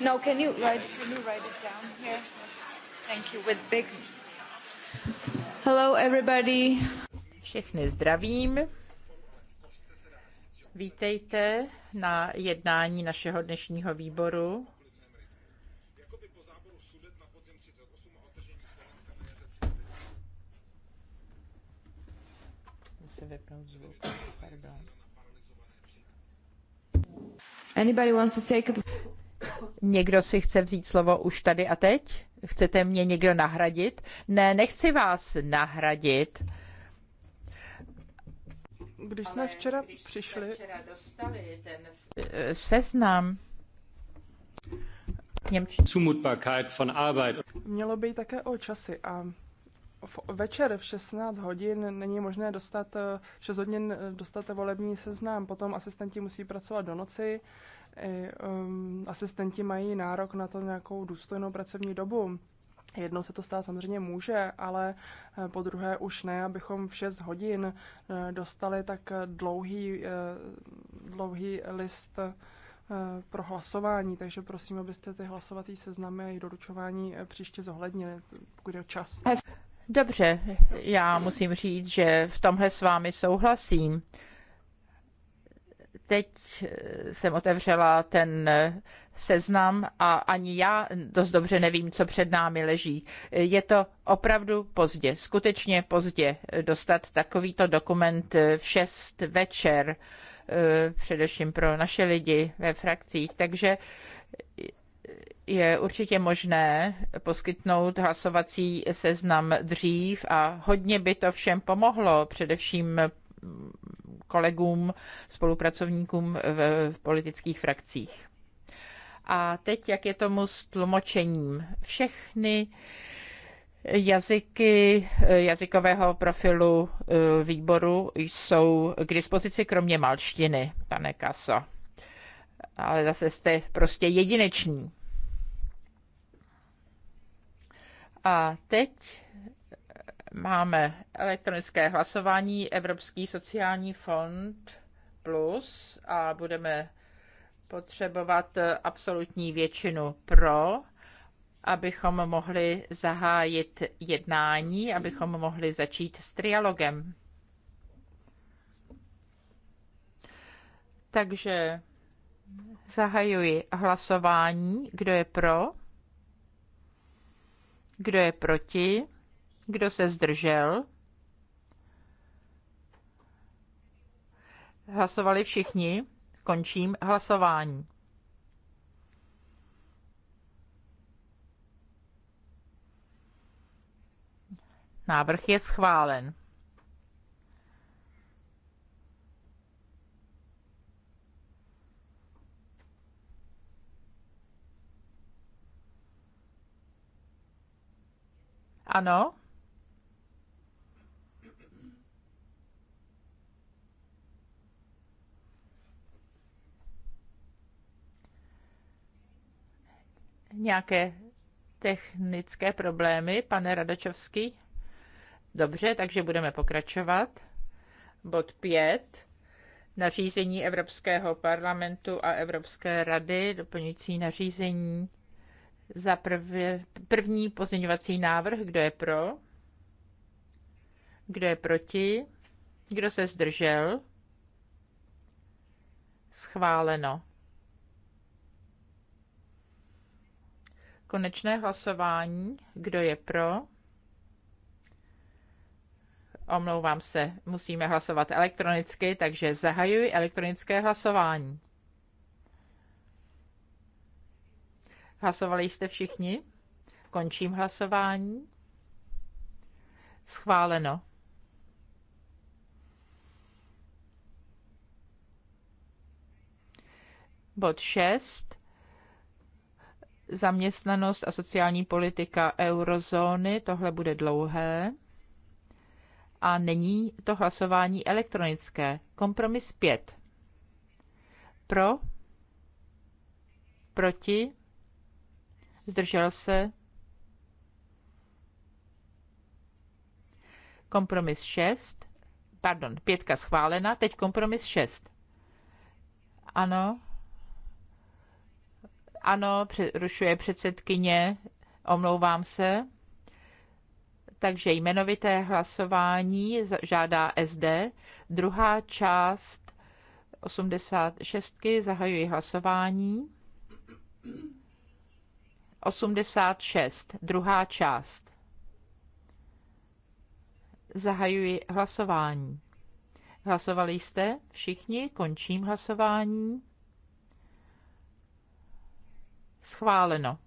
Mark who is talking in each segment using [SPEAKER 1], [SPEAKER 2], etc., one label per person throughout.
[SPEAKER 1] No, can you write can you write it down here? Thank you with big Hello everybody. Všechny zdravím. Vítejte na jednání našeho dnešního výboru. Musím vypnout zvuk. Pardon. Anybody wants to take Někdo si chce vzít slovo už tady a teď? Chcete mě někdo nahradit? Ne, nechci vás nahradit.
[SPEAKER 2] Když jsme Ale včera když přišli... Včera dostali ten...
[SPEAKER 1] Eh, seznam.
[SPEAKER 2] Mělo být také o časy a v večer v 16 hodin není možné dostat, 6 eh, hodin eh, dostat volební seznam, potom asistenti musí pracovat do noci i um, asistenti mají nárok na to nějakou důstojnou pracovní dobu. Jedno se to stát samozřejmě může, ale eh, po druhé už ne, abychom v 6 hodin eh, dostali tak dlouhý, eh, dlouhý list pro hlasování, takže prosím, abyste ty hlasovací seznamy a jejich doručování příště zohlednili, pokud je čas.
[SPEAKER 1] Dobře, já musím říct, že v tomhle s vámi souhlasím. Teď eh, jsem otevřela ten eh, seznam a ani já dost dobře nevím, co před námi leží. Eh, je to opravdu pozdě, skutečně pozdě dostat takovýto dokument v 6 večer, především pro naše lidi ve frakcích. Takže je určitě možné poskytnout hlasovací seznam dřív a hodně by to všem pomohlo, především kolegům, spolupracovníkům v politických frakcích. A teď, jak je tomu s tlumočením? Všechny jazyky jazykového profilu e, výboru jsou k dispozici kromě malštiny, pane Kaso. Ale zase jste prostě jedineční. A teď máme elektronické hlasování Evropský sociální fond plus a budeme potřebovat absolutní většinu pro, abychom mohli zahájit jednání, abychom mohli začít s trialogem. Takže zahajuji hlasování. Kdo je pro? Kdo je proti? Kdo se zdržel? Hlasovali všichni. Končím hlasování. Návrh je schválen. Ano? nějaké technické problémy, pane Radačovský? Dobře, takže budeme pokračovat. Bod 5. Nařízení Evropského parlamentu a Evropské rady, doplňující nařízení za prvě, první pozměňovací návrh. Kdo je pro? Kdo je proti? Kdo se zdržel? Schváleno. konečné hlasování. Kdo je pro? Omlouvám se, musíme hlasovat elektronicky, takže zahajuji elektronické hlasování. Hlasovali jste všichni? Končím hlasování. Schváleno. Bod 6 zaměstnanost a sociální politika eurozóny. Tohle bude dlouhé. A není to hlasování elektronické. Kompromis 5. Pro, proti, zdržel se. Kompromis 6. Pardon, pětka schválena, teď kompromis 6. Ano, ano, přerušuje předsedkyně, omlouvám se. Takže jmenovité hlasování žádá SD. Druhá část 86. Zahajuji hlasování. 86. Druhá část. Zahajuji hlasování. Hlasovali jste? Všichni? Končím hlasování. Schváleno.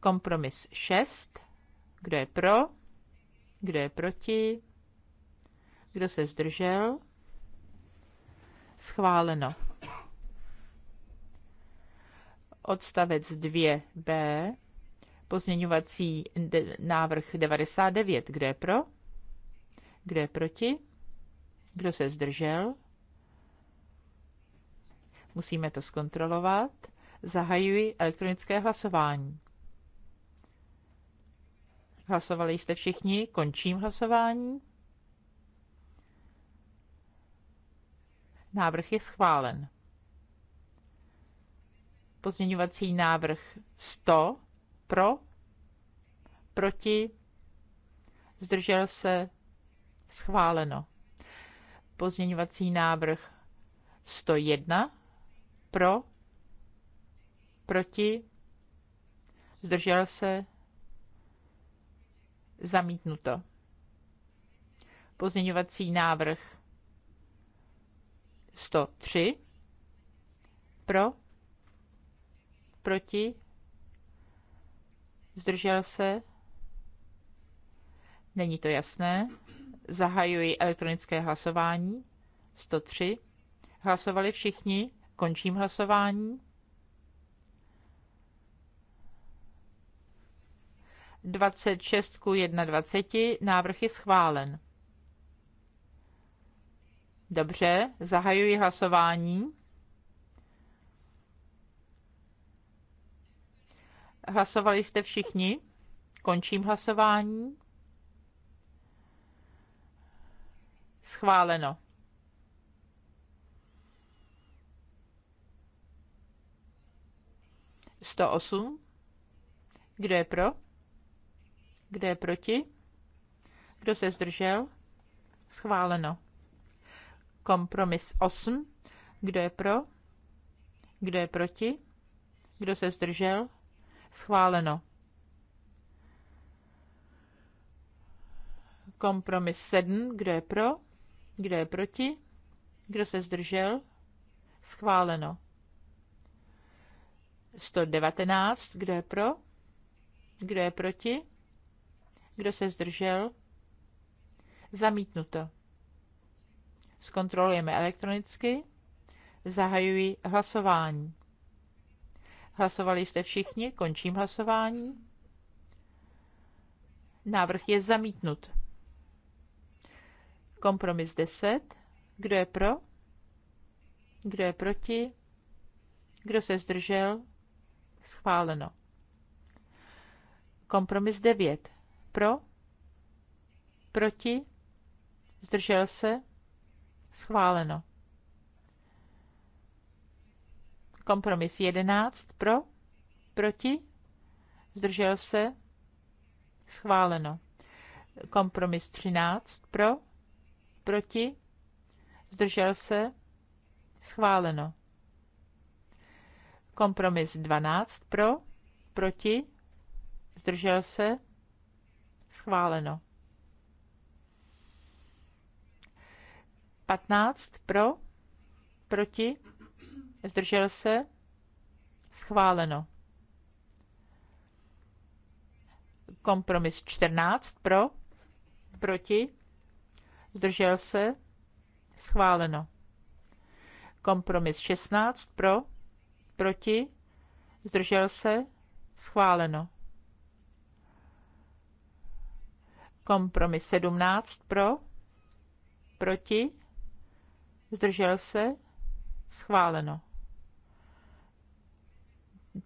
[SPEAKER 1] Kompromis 6. Kdo je pro? Kdo je proti? Kdo se zdržel? Schváleno. Odstavec 2b. Pozměňovací návrh 99. Kdo je pro? Kdo je proti? Kdo se zdržel? Musíme to zkontrolovat. Zahajuji elektronické hlasování. Hlasovali jste všichni, končím hlasování. Návrh je schválen. Pozměňovací návrh 100 pro, proti, zdržel se, schváleno. Pozměňovací návrh 101 pro, proti, zdržel se, zamítnuto. Pozměňovací návrh 103, pro, proti, zdržel se, není to jasné, zahajuji elektronické hlasování, 103, hlasovali všichni, končím hlasování, 26 ku 21, návrh je schválen. Dobře, zahajuji hlasování. Hlasovali jste všichni? Končím hlasování. Schváleno. Sto osm. Kdo je pro? Kdo je proti? Kdo se zdržel? Schváleno. Kompromis 8. Kdo je pro? Kdo je proti? Kdo se zdržel? Schváleno. Kompromis 7. Kdo je pro? Kdo je proti? Kdo se zdržel? Schváleno. 119. Kdo je pro? Kdo je proti? Kdo se zdržel? Zamítnuto. Zkontrolujeme elektronicky. Zahajuji hlasování. Hlasovali jste všichni, končím hlasování. Návrh je zamítnut. Kompromis 10. Kdo je pro? Kdo je proti? Kdo se zdržel? Schváleno. Kompromis 9. Pro? Proti? Zdržel se? Schváleno. Kompromis 11. Pro? Proti? Zdržel se? Schváleno. Kompromis 13. Pro? Proti? Zdržel se? Schváleno. Kompromis 12. Pro? Proti? Zdržel se? Schváleno. 15 pro, proti, zdržel se, schváleno. Kompromis 14 pro, proti, zdržel se, schváleno. Kompromis 16 pro, proti, zdržel se, schváleno. Kompromis 17 pro, proti, zdržel se, schváleno.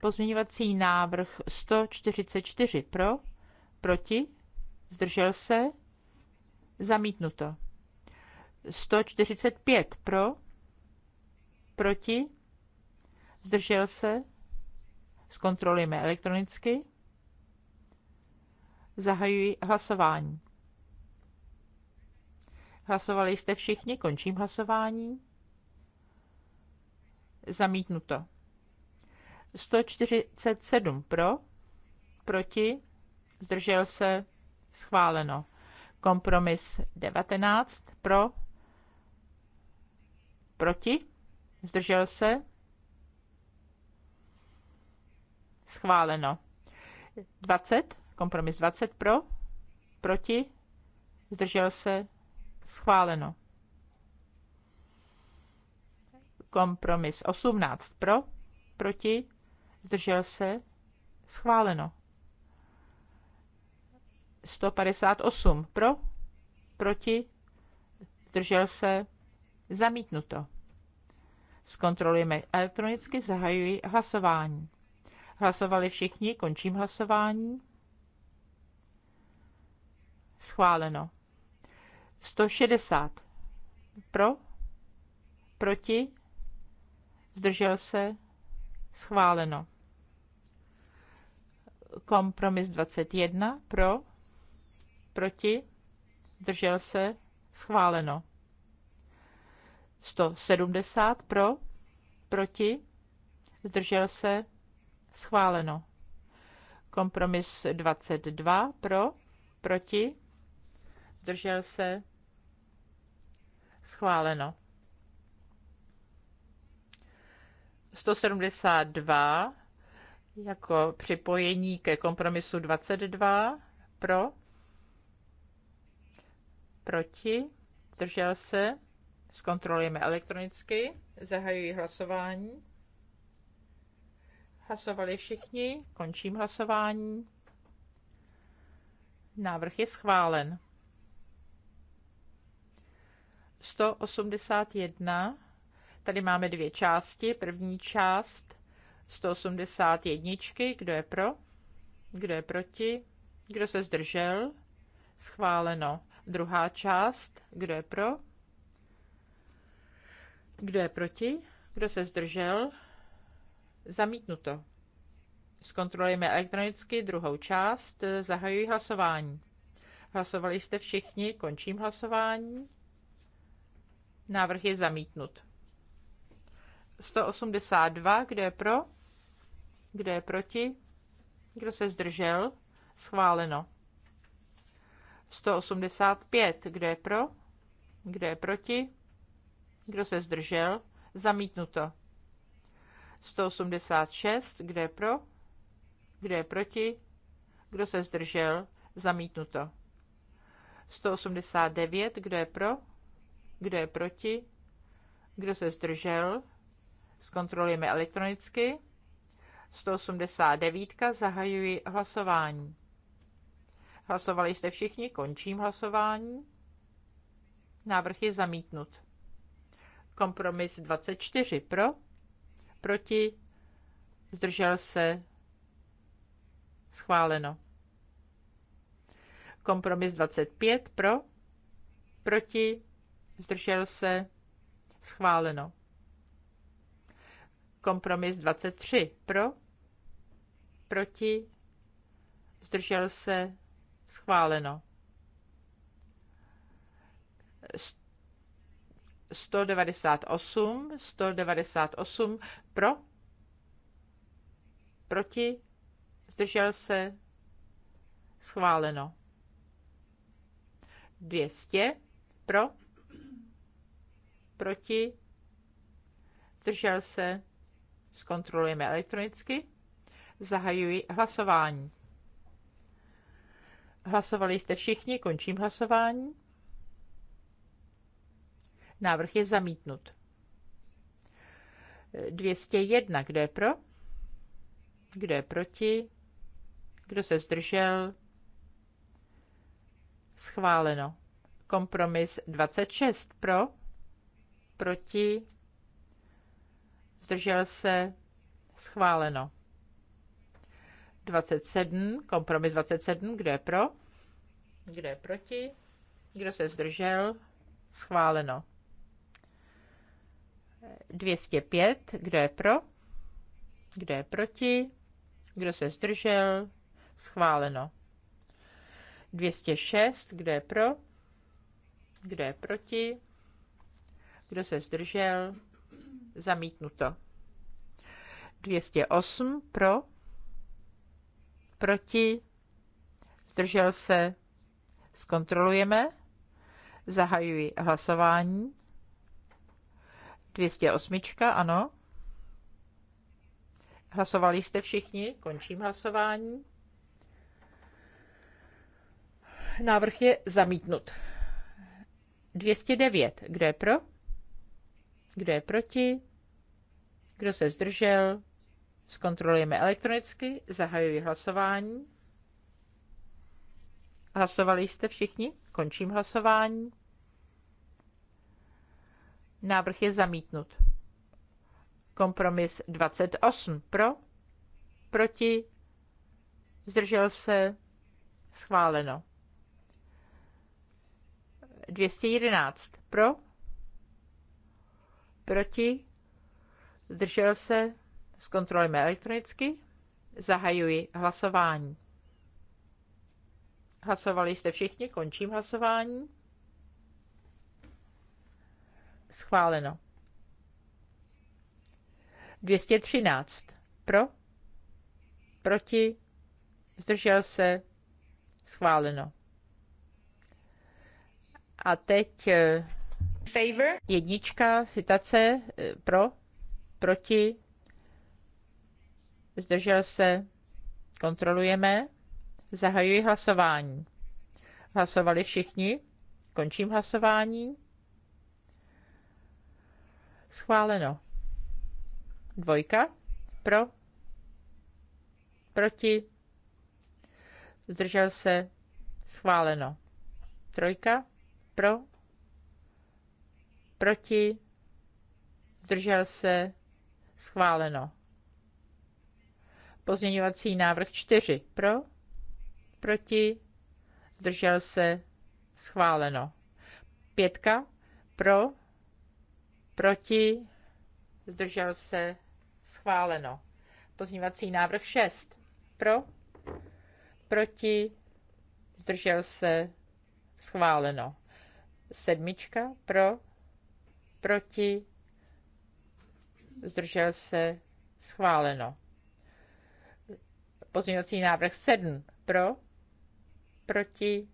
[SPEAKER 1] Pozměňovací návrh 144 pro, proti, zdržel se, zamítnuto. 145 pro, proti, zdržel se, zkontrolujeme elektronicky. Zahajuji hlasování. Hlasovali jste všichni, končím hlasování. Zamítnuto. 147 pro, proti, zdržel se, schváleno. Kompromis 19 pro, proti, zdržel se, schváleno. 20 Kompromis 20 pro, proti, zdržel se, schváleno. Kompromis 18 pro, proti, zdržel se, schváleno. 158 pro, proti, zdržel se, zamítnuto. Zkontrolujeme elektronicky, zahajuji hlasování. Hlasovali všichni, končím hlasování. Schváleno. 160. Pro? Proti? Zdržel se? Schváleno. Kompromis 21. Pro? Proti? Zdržel se? Schváleno. 170 pro, proti, zdržel se, schváleno. Kompromis 22 pro, proti, zdržel se, schváleno. 172 jako připojení ke kompromisu 22 pro, proti, zdržel se, zkontrolujeme elektronicky, zahajuji hlasování. Hlasovali všichni, končím hlasování. Návrh je schválen. 181. Tady máme dvě části. První část 181. Kdo je pro? Kdo je proti? Kdo se zdržel? Schváleno. Druhá část. Kdo je pro? Kdo je proti? Kdo se zdržel? Zamítnuto. Zkontrolujeme elektronicky druhou část. Zahajuji hlasování. Hlasovali jste všichni, končím hlasování. Návrh je zamítnut. 182, kdo je pro? Kdo je proti? Kdo se zdržel? Schváleno. 185, kdo je pro? Kdo je proti? Kdo se zdržel? Zamítnuto. 186, kdo je pro? Kdo je proti? Kdo se zdržel? Zamítnuto. 189, kdo je pro? kdo je proti, kdo se zdržel, zkontrolujeme elektronicky. 189. Zahajuji hlasování. Hlasovali jste všichni, končím hlasování. Návrh je zamítnut. Kompromis 24 pro, proti, zdržel se, schváleno. Kompromis 25 pro, proti, zdržel se, schváleno. Kompromis 23 pro, proti, zdržel se, schváleno. 198, 198 pro, proti, zdržel se, schváleno. 200 pro, proti, zdržel se, zkontrolujeme elektronicky, zahajuji hlasování. Hlasovali jste všichni, končím hlasování. Návrh je zamítnut. 201, kdo je pro? Kdo je proti? Kdo se zdržel? Schváleno. Kompromis 26 pro proti, zdržel se, schváleno. 27, kompromis 27, kdo je pro, kdo je proti, kdo se zdržel, schváleno. 205, kdo je pro, kdo je proti, kdo se zdržel, schváleno. 206, kdo je pro, kdo je proti, kdo se zdržel? Zamítnuto. 208 pro, proti, zdržel se, zkontrolujeme, zahajuji hlasování. 208, ano. Hlasovali jste všichni, končím hlasování. Návrh je zamítnut. 209, kdo je pro? Kdo je proti? Kdo se zdržel? Zkontrolujeme elektronicky. Zahajuji hlasování. Hlasovali jste všichni? Končím hlasování. Návrh je zamítnut. Kompromis 28 pro, proti, zdržel se, schváleno. 211 pro, proti, zdržel se, zkontrolujeme elektronicky, zahajuji hlasování. Hlasovali jste všichni, končím hlasování. Schváleno. 213. Pro? Proti? Zdržel se? Schváleno. A teď eh, Favor. Jednička, citace, eh, pro, proti, zdržel se, kontrolujeme, zahajuji hlasování. Hlasovali všichni, končím hlasování. Schváleno. Dvojka, pro, proti, zdržel se, schváleno. Trojka, pro, proti, zdržel se, schváleno. Pozměňovací návrh 4 pro, proti, zdržel se, schváleno. Pětka pro, proti, zdržel se, schváleno. Pozměňovací návrh 6 pro, proti, zdržel se, schváleno. Sedmička pro, proti, zdržel se, schváleno. Pozměňovací návrh 7 pro, proti,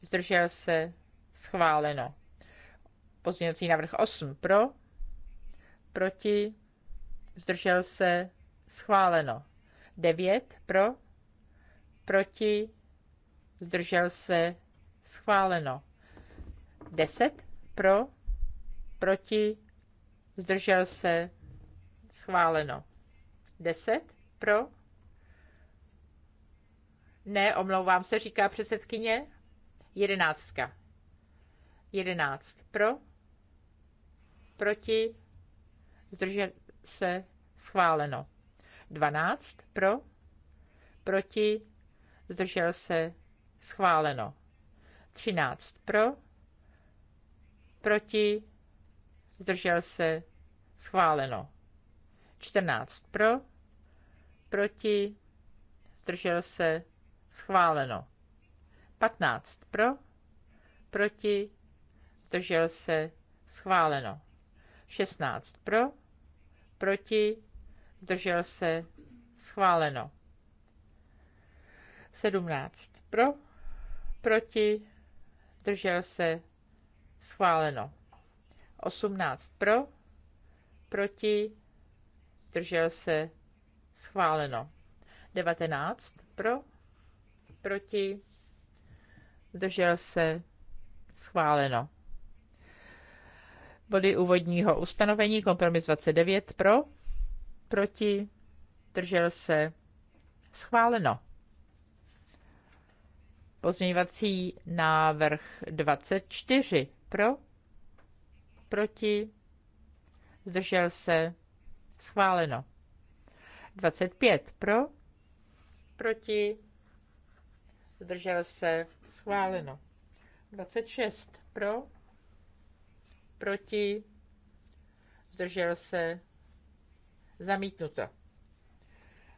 [SPEAKER 1] zdržel se, schváleno. Pozměňovací návrh 8 pro, proti, zdržel se, schváleno. 9 pro, proti, zdržel se, schváleno. 10 pro, proti, zdržel se, schváleno. 10 pro, ne, omlouvám se, říká předsedkyně, jedenáctka. Jedenáct pro, proti, zdržel se, schváleno. 12 pro, proti, zdržel se, schváleno. 13 pro, proti, zdržel se, schváleno. 14 pro, proti, zdržel se, schváleno. 15 pro, proti, zdržel se, schváleno. 16 pro, proti, zdržel se, schváleno. 17 pro, proti, zdržel se, schváleno. 18 pro, proti, držel se, schváleno. 19 pro, proti, zdržel se, schváleno. Body úvodního ustanovení, kompromis 29 pro, proti, držel se, schváleno. Pozměňovací návrh 24 pro, proti, zdržel se, schváleno. 25 pro, proti, zdržel se, schváleno. 26 pro, proti, zdržel se, zamítnuto.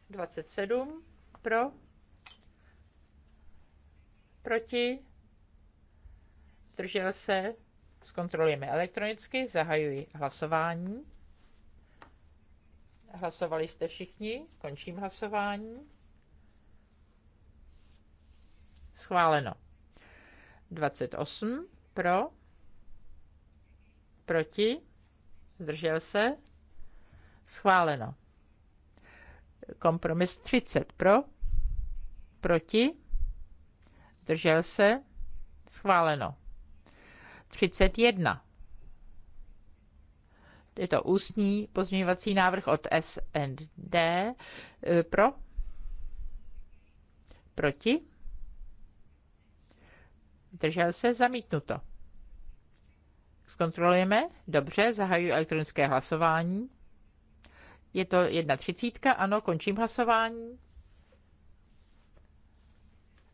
[SPEAKER 1] 27 pro, proti, zdržel se, Zkontrolujeme elektronicky, zahajuji hlasování. Hlasovali jste všichni, končím hlasování. Schváleno. 28 pro, proti, zdržel se, schváleno. Kompromis 30 pro, proti, zdržel se, schváleno. 31. Je to ústní pozměňovací návrh od SND. Eh, pro? Proti? Držel se zamítnuto. Zkontrolujeme. Dobře, zahajuji elektronické hlasování. Je to 1.30, ano, končím hlasování.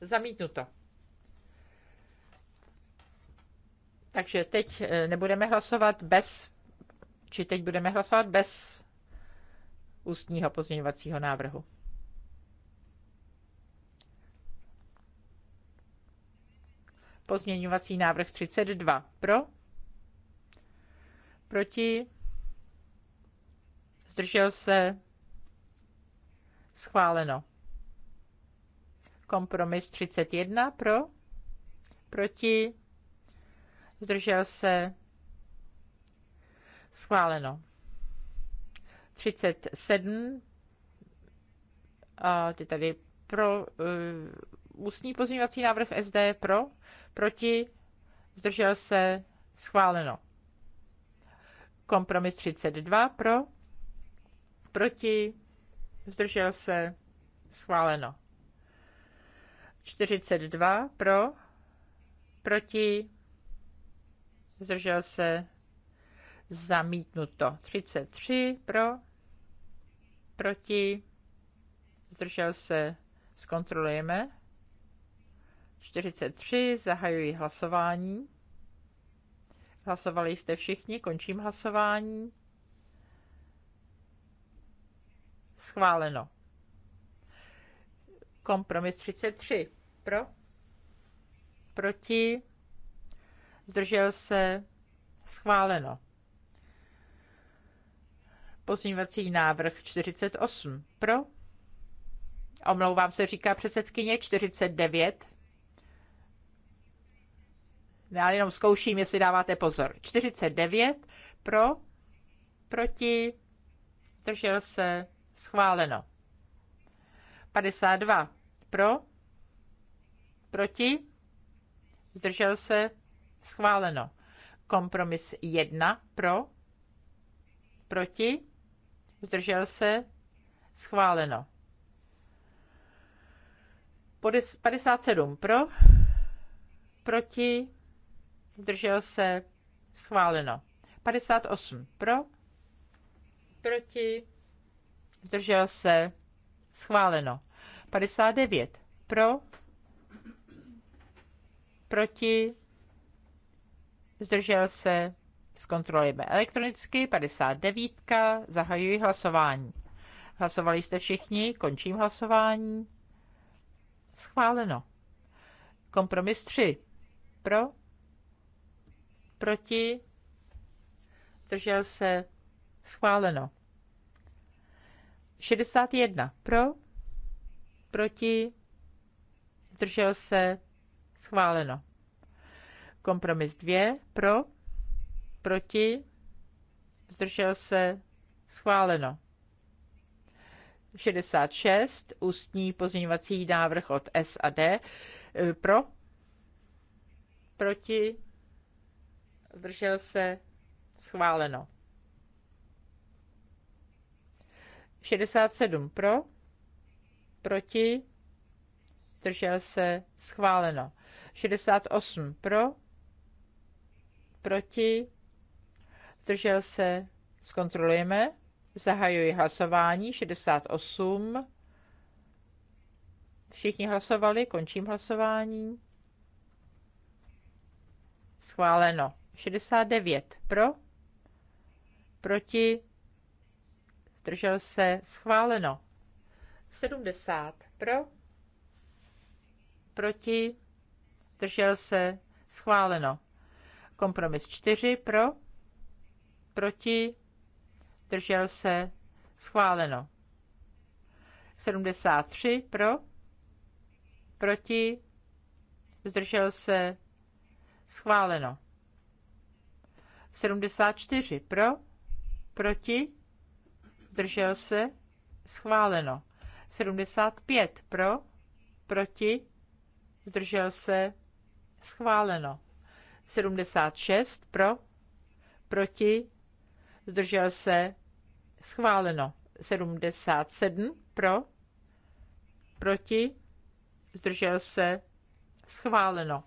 [SPEAKER 1] Zamítnuto. Takže teď eh, nebudeme hlasovat bez, či teď budeme hlasovat bez ústního pozměňovacího návrhu. Pozměňovací návrh 32. Pro? Proti? Zdržel se? Schváleno. Kompromis 31. Pro? Proti? zdržel se, schváleno. 37 a ty tady pro uh, ústní pozměňovací návrh SD pro, proti, zdržel se, schváleno. Kompromis 32 pro, proti, zdržel se, schváleno. 42 pro, proti, zdržel se, zamítnuto. 33 pro, proti, zdržel se, zkontrolujeme. 43, zahajuji hlasování. Hlasovali jste všichni, končím hlasování. Schváleno. Kompromis 33. Pro? Proti? zdržel se, schváleno. Pozměňovací návrh 48 pro, omlouvám se, říká předsedkyně, 49. Já jenom zkouším, jestli dáváte pozor. 49 pro, proti, zdržel se, schváleno. 52 pro, proti, zdržel se, Schváleno. Kompromis 1 pro, proti, zdržel se, schváleno. 57 pro, proti, zdržel se, schváleno. 58 pro, proti, zdržel se, schváleno. 59 pro, proti, zdržel se, zkontrolujeme elektronicky, 59, zahajuji hlasování. Hlasovali jste všichni, končím hlasování. Schváleno. Kompromis 3. Pro? Proti? Zdržel se? Schváleno. 61. Pro? Proti? Zdržel se? Schváleno. Kompromis 2 pro, proti, zdržel se, schváleno. 66, ústní pozměňovací návrh od S a D, e, pro, proti, zdržel se, schváleno. 67 pro, proti, zdržel se, schváleno. 68 pro, proti, zdržel se, zkontrolujeme, zahajuji hlasování, 68, všichni hlasovali, končím hlasování, schváleno, 69 pro, proti, zdržel se, schváleno, 70 pro, proti, zdržel se, schváleno. Kompromis 4 pro, proti, držel se, schváleno. 73 pro, proti, zdržel se, schváleno. 74 pro, proti, zdržel se, schváleno. 75 pro, proti, zdržel se, schváleno. 76 pro, proti, zdržel se, schváleno. 77 pro, proti, zdržel se, schváleno.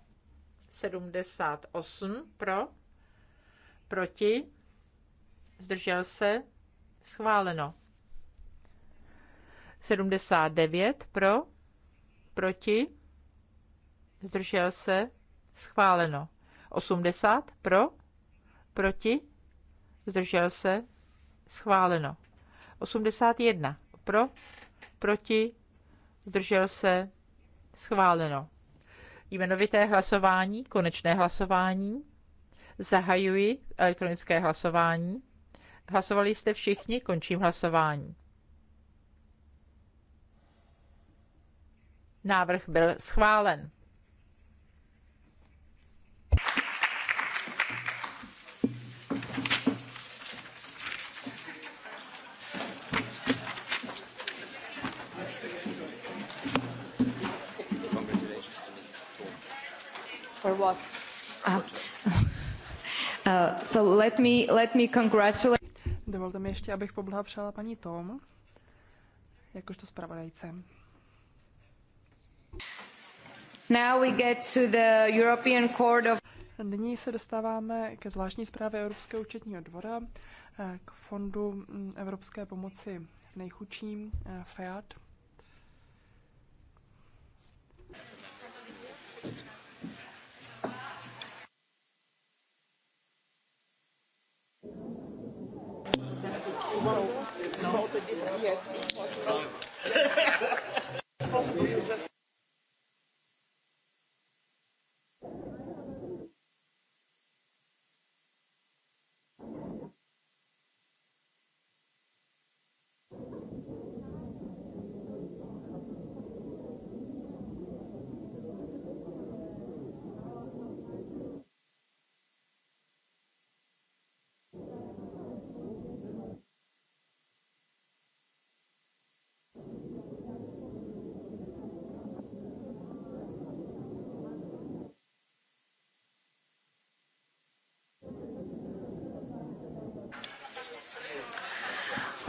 [SPEAKER 1] 78 pro, proti, zdržel se, schváleno. 79 pro, proti, zdržel se, schváleno. 80 pro, proti, zdržel se, schváleno. 81 pro, proti, zdržel se, schváleno. Jmenovité hlasování, konečné hlasování. Zahajuji elektronické hlasování. Hlasovali jste všichni, končím hlasování. Návrh byl schválen.
[SPEAKER 2] or what? Uh, so let me, let me congratulate... Dovolte mi ještě, abych poblahopřála paní Tom, jakožto zpravodajce. Now we get to the European Court of... Nyní se dostáváme ke zvláštní zprávě Evropského účetního dvora, eh, k fondu mm, Evropské pomoci nejchudším, eh, FEAD.
[SPEAKER 1] Yes,
[SPEAKER 3] impossible. Yes.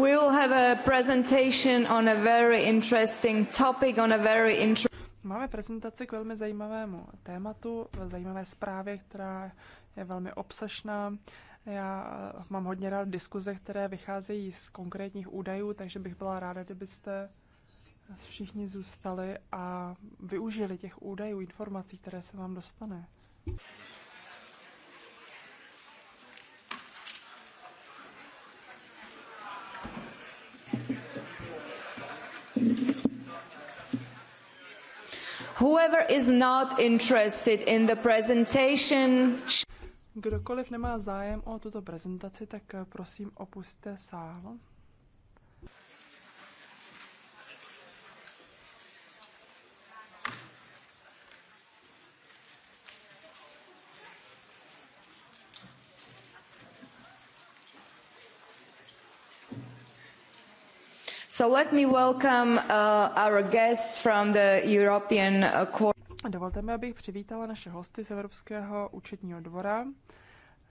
[SPEAKER 1] We will have a presentation
[SPEAKER 2] on a very interesting topic, on a very Máme prezentaci k velmi zajímavému tématu, zajímavé zprávě, která je velmi obsažná. Já eh, mám hodně rád diskuze, které vycházejí z konkrétních údajů, takže bych byla ráda, kdybyste všichni zůstali a využili těch údajů, informací, které se vám dostane.
[SPEAKER 3] Whoever is
[SPEAKER 1] not interested in the presentation...
[SPEAKER 2] Kdokoliv nemá zájem o tuto prezentaci, tak prosím opuste sál.
[SPEAKER 1] So let me welcome uh, our guests from the European uh, Court.
[SPEAKER 2] Dovolte mi, abych přivítala naše hosty z Evropského účetního dvora.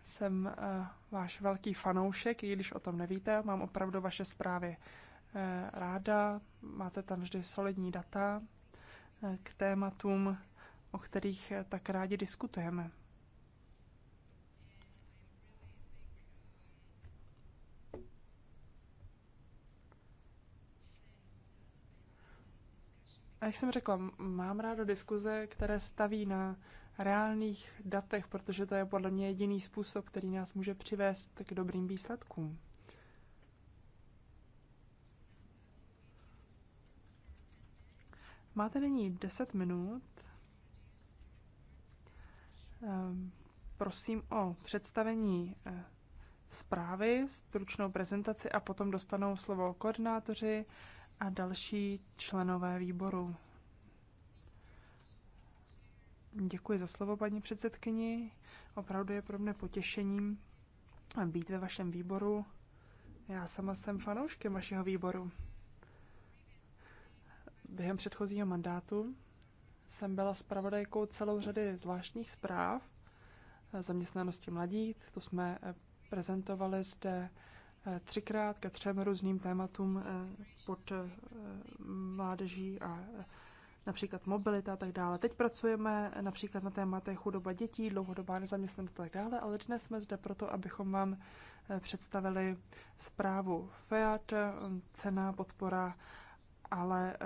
[SPEAKER 2] Jsem uh, váš velký fanoušek, i když o tom nevíte, mám opravdu vaše zprávy uh, ráda. Máte tam vždy solidní data uh, k tématům, o kterých uh, tak rádi diskutujeme. A jak jsem řekla, mám ráda diskuze, které staví na reálných datech, protože to je podle mě jediný způsob, který nás může přivést k dobrým výsledkům. Máte nyní 10 minut. Ehm, prosím o představení eh, zprávy, stručnou prezentaci a potom dostanou slovo koordinátoři, a další členové výboru. Děkuji za slovo, paní předsedkyni. Opravdu je pro mě potěšením být ve vašem výboru. Já sama jsem fanouškem vašeho výboru. Během předchozího mandátu jsem byla zpravodajkou celou řady zvláštních zpráv zaměstnanosti mladých. To jsme prezentovali zde třikrát ke třem různým tématům eh, pod eh, mládeží a eh, například mobilita a tak dále. Teď pracujeme například na tématech chudoba dětí, dlouhodobá nezaměstnanost a tak dále, ale dnes jsme zde proto, abychom vám představili zprávu FEAT, cena, podpora, ale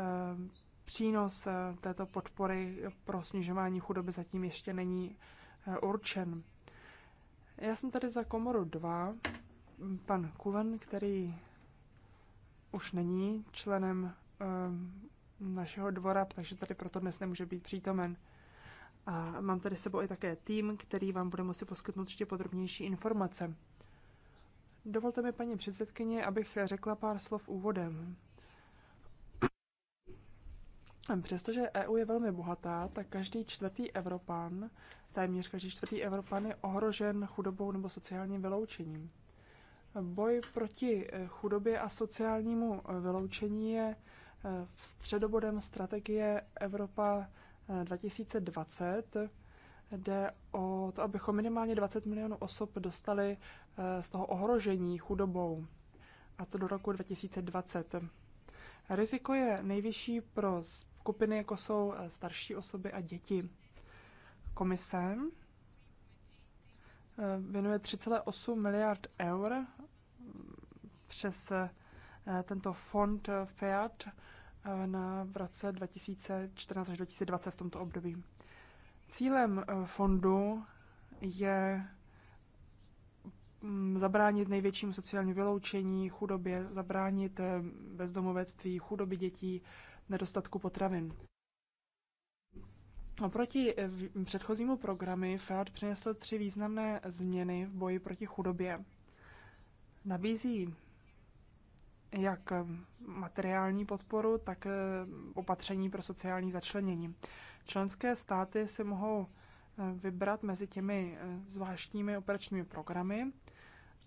[SPEAKER 2] přínos této podpory pro snižování chudoby zatím ještě není určen. Já jsem tady za komoru 2 pan Kuven, který už není členem eh, našeho dvora, takže tady proto dnes nemůže být přítomen. A mám tady sebou i také tým, který vám bude moci poskytnout ještě podrobnější informace. Dovolte mi, paní předsedkyně, abych řekla pár slov úvodem. Přestože EU je velmi bohatá, tak každý čtvrtý Evropan, téměř každý čtvrtý Evropan je ohrožen chudobou nebo sociálním vyloučením. Boj proti eh, chudobě a sociálnímu eh, vyloučení je eh, středobodem strategie Evropa 2020. Jde o to, abychom minimálně 20 milionů osob dostali z toho ohrožení chudobou, a to do roku 2020. Riziko je nejvyšší pro skupiny, jako jsou starší osoby a děti. Komise věnuje 3,8 miliard eur přes eh, tento fond eh, FEAT eh, na v roce 2014 až 2020 v tomto období. Cílem fondu je mm, zabránit největšímu sociálnímu vyloučení, chudobě, zabránit bezdomovectví, chudoby dětí, nedostatku potravin. Oproti předchozímu programy FEAD přinesl tři významné změny v boji proti chudobě. Nabízí jak eh, materiální podporu, tak eh, opatření pro sociální začlenění. Členské státy si mohou eh, vybrat mezi těmi zvláštními operačními programy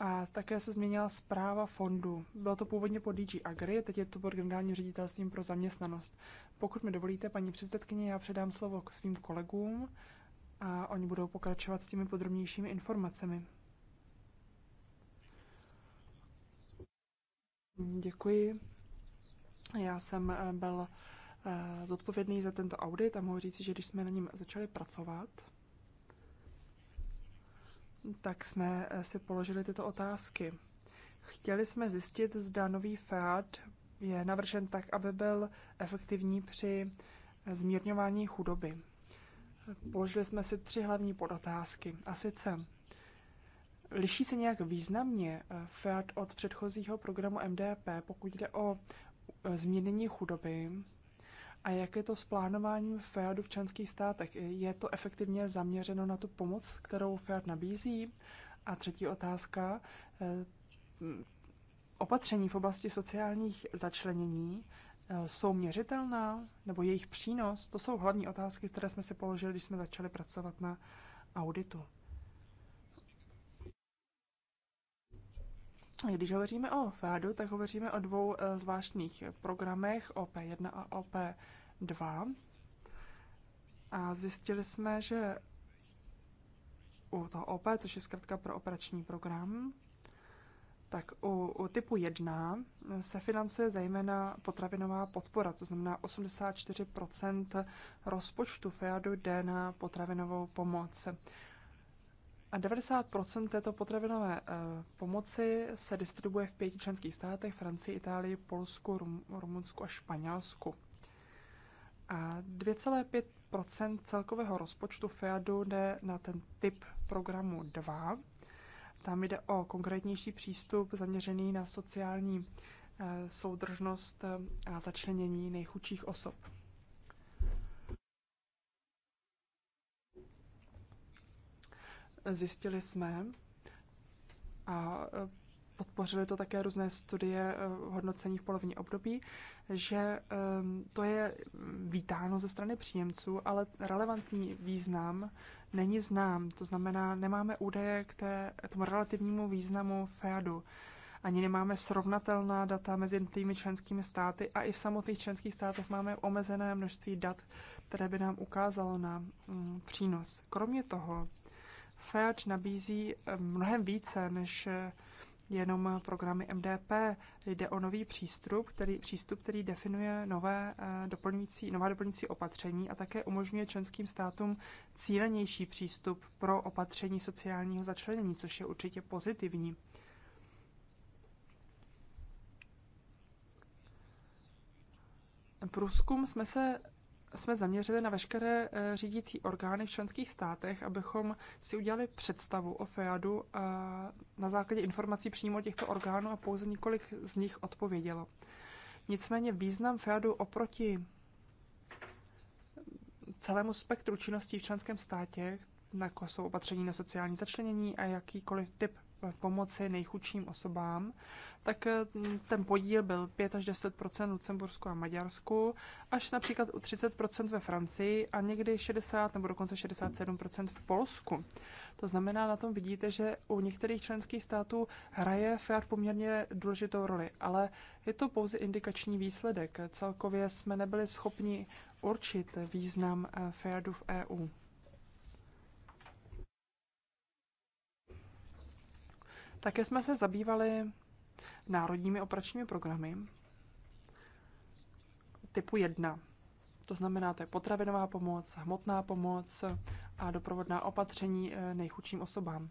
[SPEAKER 2] a také se změnila zpráva fondu. Bylo to původně pod DG Agri, teď je to pod generálním ředitelstvím pro zaměstnanost. Pokud mi dovolíte, paní předsedkyně, já předám slovo k svým kolegům a oni budou pokračovat s těmi podrobnějšími informacemi. Mm, děkuji. Já jsem eh, byl eh, zodpovědný za tento audit a mohu říct, že když jsme na něm začali pracovat, tak jsme eh, si položili tyto otázky. Chtěli jsme zjistit, zda nový FEAD je navržen tak, aby byl efektivní při zmírňování chudoby. Položili jsme si tři hlavní podotázky. A sice, Liší se nějak významně eh, FEAD od předchozího programu MDP, pokud jde o eh, změnění chudoby a jak je to s plánováním FEADu v členských státech? Je to efektivně zaměřeno na tu pomoc, kterou FEAD nabízí? A třetí otázka, eh, opatření v oblasti sociálních začlenění jsou měřitelná, nebo jejich přínos? To jsou hlavní otázky, které jsme si položili, když jsme začali pracovat na auditu. Když hovoříme o FEADu, tak hovoříme o dvou eh, zvláštních programech OP1 a OP2. A zjistili jsme, že u toho OP, což je zkrátka pro operační program, tak u, u typu 1 se financuje zejména potravinová podpora, to znamená 84 rozpočtu FEADu jde na potravinovou pomoc. A 90% této potravinové eh, pomoci se distribuje v pěti členských státech, Francii, Itálii, Polsku, Rum, Rumunsku a Španělsku. A 2,5 celkového rozpočtu FEADu jde na ten typ programu 2. Tam jde o konkrétnější přístup zaměřený na sociální eh, soudržnost eh, a začlenění nejchudších osob. Zjistili jsme a e, podpořili to také různé studie e, hodnocení v polovní období, že to je vítáno ze strany příjemců, ale relevantní význam není znám. To znamená, nemáme údaje k, té, tomu relativnímu významu FEADu. Ani nemáme srovnatelná data mezi jednotlivými členskými státy a i v samotných členských státech máme omezené množství dat, které by nám ukázalo na mm, přínos. Kromě toho, FEAD nabízí eh, mnohem více než eh, jenom programy MDP. Jde o nový přístup, který, přístup, který definuje nové eh, doplňující, nová doplňující opatření a také umožňuje členským státům cílenější přístup pro opatření sociálního začlenění, což je určitě pozitivní. Průzkum jsme se jsme zaměřili na veškeré eh, řídící orgány v členských státech, abychom si udělali představu o FEADu a eh, na základě informací přímo těchto orgánů a pouze několik z nich odpovědělo. Nicméně význam FEADu oproti celému spektru činností v členském státě, jako jsou opatření na sociální začlenění a jakýkoliv typ pomoci nejchudším osobám, tak eh, ten podíl byl 5 až 10 Lucembursku a Maďarsku, až například u 30 ve Francii a někdy 60 nebo dokonce 67 v Polsku. To znamená, na tom vidíte, že u některých členských států hraje FEAR poměrně důležitou roli, ale je to pouze indikační výsledek. Celkově jsme nebyli schopni určit význam eh, FEARu v EU. Také jsme se zabývali národními operačními programy typu 1. To znamená, to je potravinová pomoc, hmotná pomoc a doprovodná opatření eh, nejchudším osobám.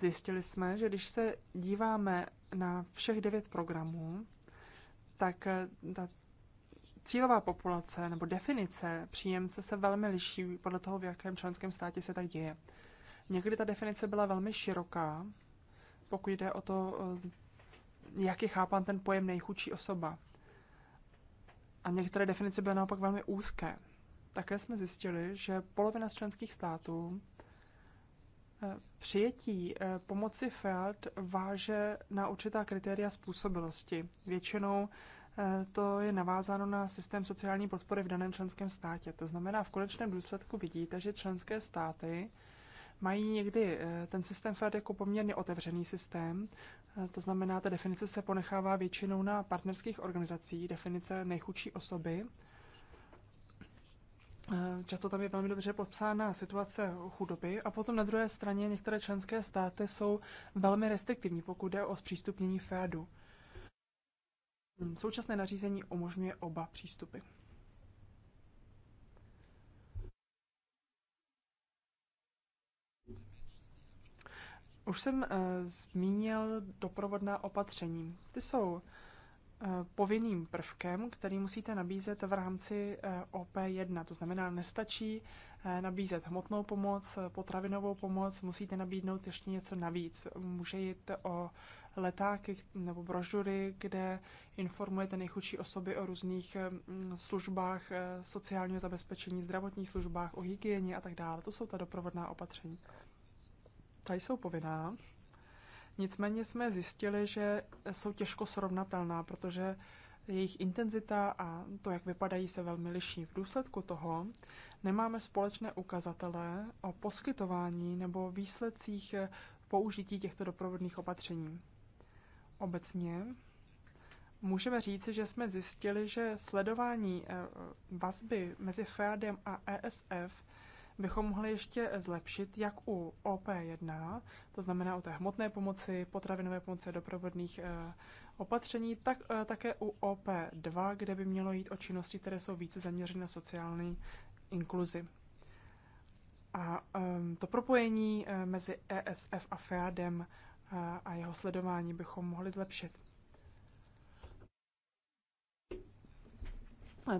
[SPEAKER 2] Zjistili jsme, že když se díváme na všech devět programů, tak eh, ta cílová populace nebo definice příjemce se velmi liší podle toho, v jakém členském státě se tak děje. Někdy ta definice byla velmi široká, pokud jde o to, eh, jak je chápán ten pojem nejchudší osoba. A některé definice byly naopak velmi úzké. Také jsme zjistili, že polovina z členských států eh, přijetí eh, pomoci FEAD váže na určitá kritéria způsobilosti. Většinou to je navázáno na systém sociální podpory v daném členském státě. To znamená, v konečném důsledku vidíte, že členské státy mají někdy eh, ten systém FED jako poměrně otevřený systém, eh, to znamená, ta definice se ponechává většinou na partnerských organizací, definice nejchudší osoby. Eh, často tam je velmi dobře popsána situace chudoby a potom na druhé straně některé členské státy jsou velmi restriktivní, pokud jde o zpřístupnění FEDu. Současné nařízení umožňuje oba přístupy. Už jsem eh, zmínil doprovodná opatření. Ty jsou eh, povinným prvkem, který musíte nabízet v rámci eh, OP1. To znamená, nestačí nabízet hmotnou pomoc, potravinovou pomoc, musíte nabídnout ještě něco navíc. Může jít o letáky nebo brožury, kde informujete nejchudší osoby o různých mm, službách sociálního zabezpečení, zdravotních službách, o hygieně a tak dále. To jsou ta doprovodná opatření ta jsou povinná. Nicméně jsme zjistili, že jsou těžko srovnatelná, protože jejich intenzita a to, jak vypadají, se velmi liší. V důsledku toho nemáme společné ukazatele o poskytování nebo výsledcích použití těchto doprovodných opatření. Obecně můžeme říci, že jsme zjistili, že sledování eh, vazby mezi FEADem a ESF bychom mohli ještě zlepšit, jak u OP1, to znamená u té hmotné pomoci, potravinové pomoci a doprovodných eh, opatření, tak eh, také u OP2, kde by mělo jít o činnosti, které jsou více zaměřené na sociální inkluzi. A ehm, to propojení eh, mezi ESF a FEADem a jeho sledování bychom mohli zlepšit.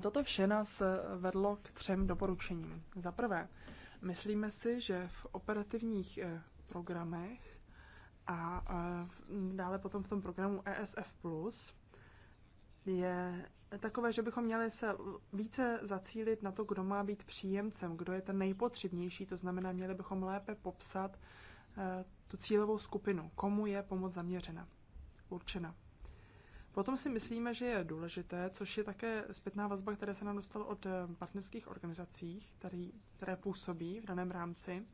[SPEAKER 2] Toto vše nás eh, vedlo k třem doporučením. Za prvé, myslíme si, že v operativních eh, programech a eh, dále potom v tom programu ESF+, je takové, že bychom měli se více zacílit na to, kdo má být příjemcem, kdo je ten nejpotřebnější, to znamená, měli bychom lépe popsat tu cílovou skupinu, komu je pomoc zaměřena, určena. Potom si myslíme, že je důležité, což je také zpětná vazba, která se nám dostala od eh, partnerských organizací, který, které působí v daném rámci.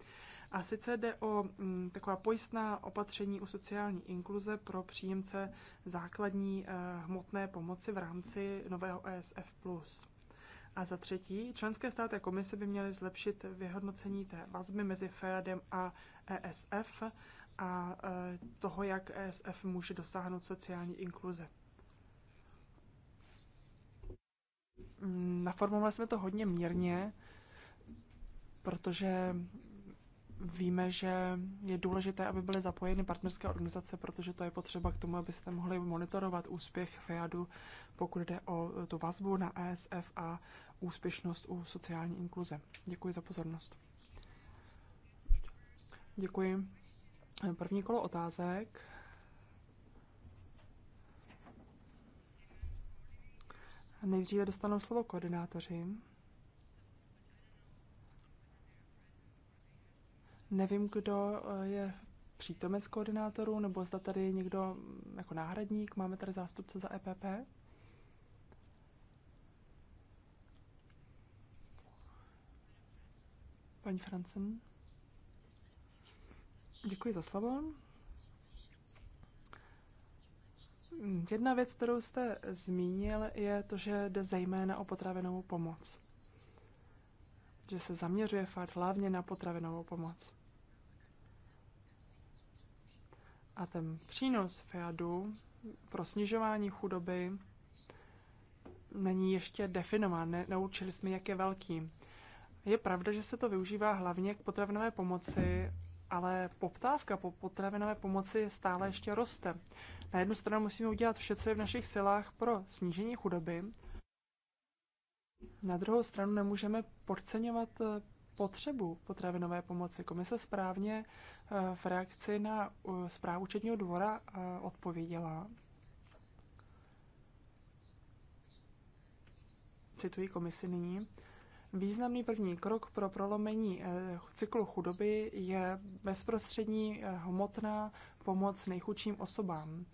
[SPEAKER 2] A sice jde o m, mm, taková pojistná opatření u sociální inkluze pro příjemce základní e, hmotné pomoci v rámci nového ESF+. A za třetí, členské státy a komise by měly zlepšit vyhodnocení té vazby mezi FEADem a ESF a e, eh, toho, jak ESF může dosáhnout sociální inkluze. naformovali jsme to hodně mírně, protože víme, že je důležité, aby byly zapojeny partnerské organizace, protože to je potřeba k tomu, abyste mohli monitorovat úspěch FIADu, pokud jde o e, tu vazbu na ESF a úspěšnost u sociální inkluze. Děkuji za pozornost. Děkuji. První kolo otázek. Nejdříve dostanou slovo koordinátoři. Nevím, kdo eh, je přítomen z koordinátorů, nebo zda tady je někdo mm, jako náhradník. Máme tady zástupce za EPP. Paní Francen. Děkuji za slovo. Jedna věc, kterou jste zmínil, je to, že jde zejména o potravinovou pomoc. Že se zaměřuje fakt hlavně na potravinovou pomoc. A ten přínos FIADu pro snižování chudoby není ještě definován, ne, naučili jsme, jak je velký. Je pravda, že se to využívá hlavně k potravinové pomoci, ale poptávka po potravinové pomoci stále ještě roste. Na jednu stranu musíme udělat vše, co je v našich silách pro snížení chudoby. Na druhou stranu nemůžeme podceňovat eh, potřebu potravinové pomoci. Komise správně eh, v reakci na eh, zprávu účetního dvora odpověděla. Cituji komisi nyní. Významný první krok pro prolomení eh, cyklu chudoby je bezprostřední eh, hmotná pomoc nejchudším osobám.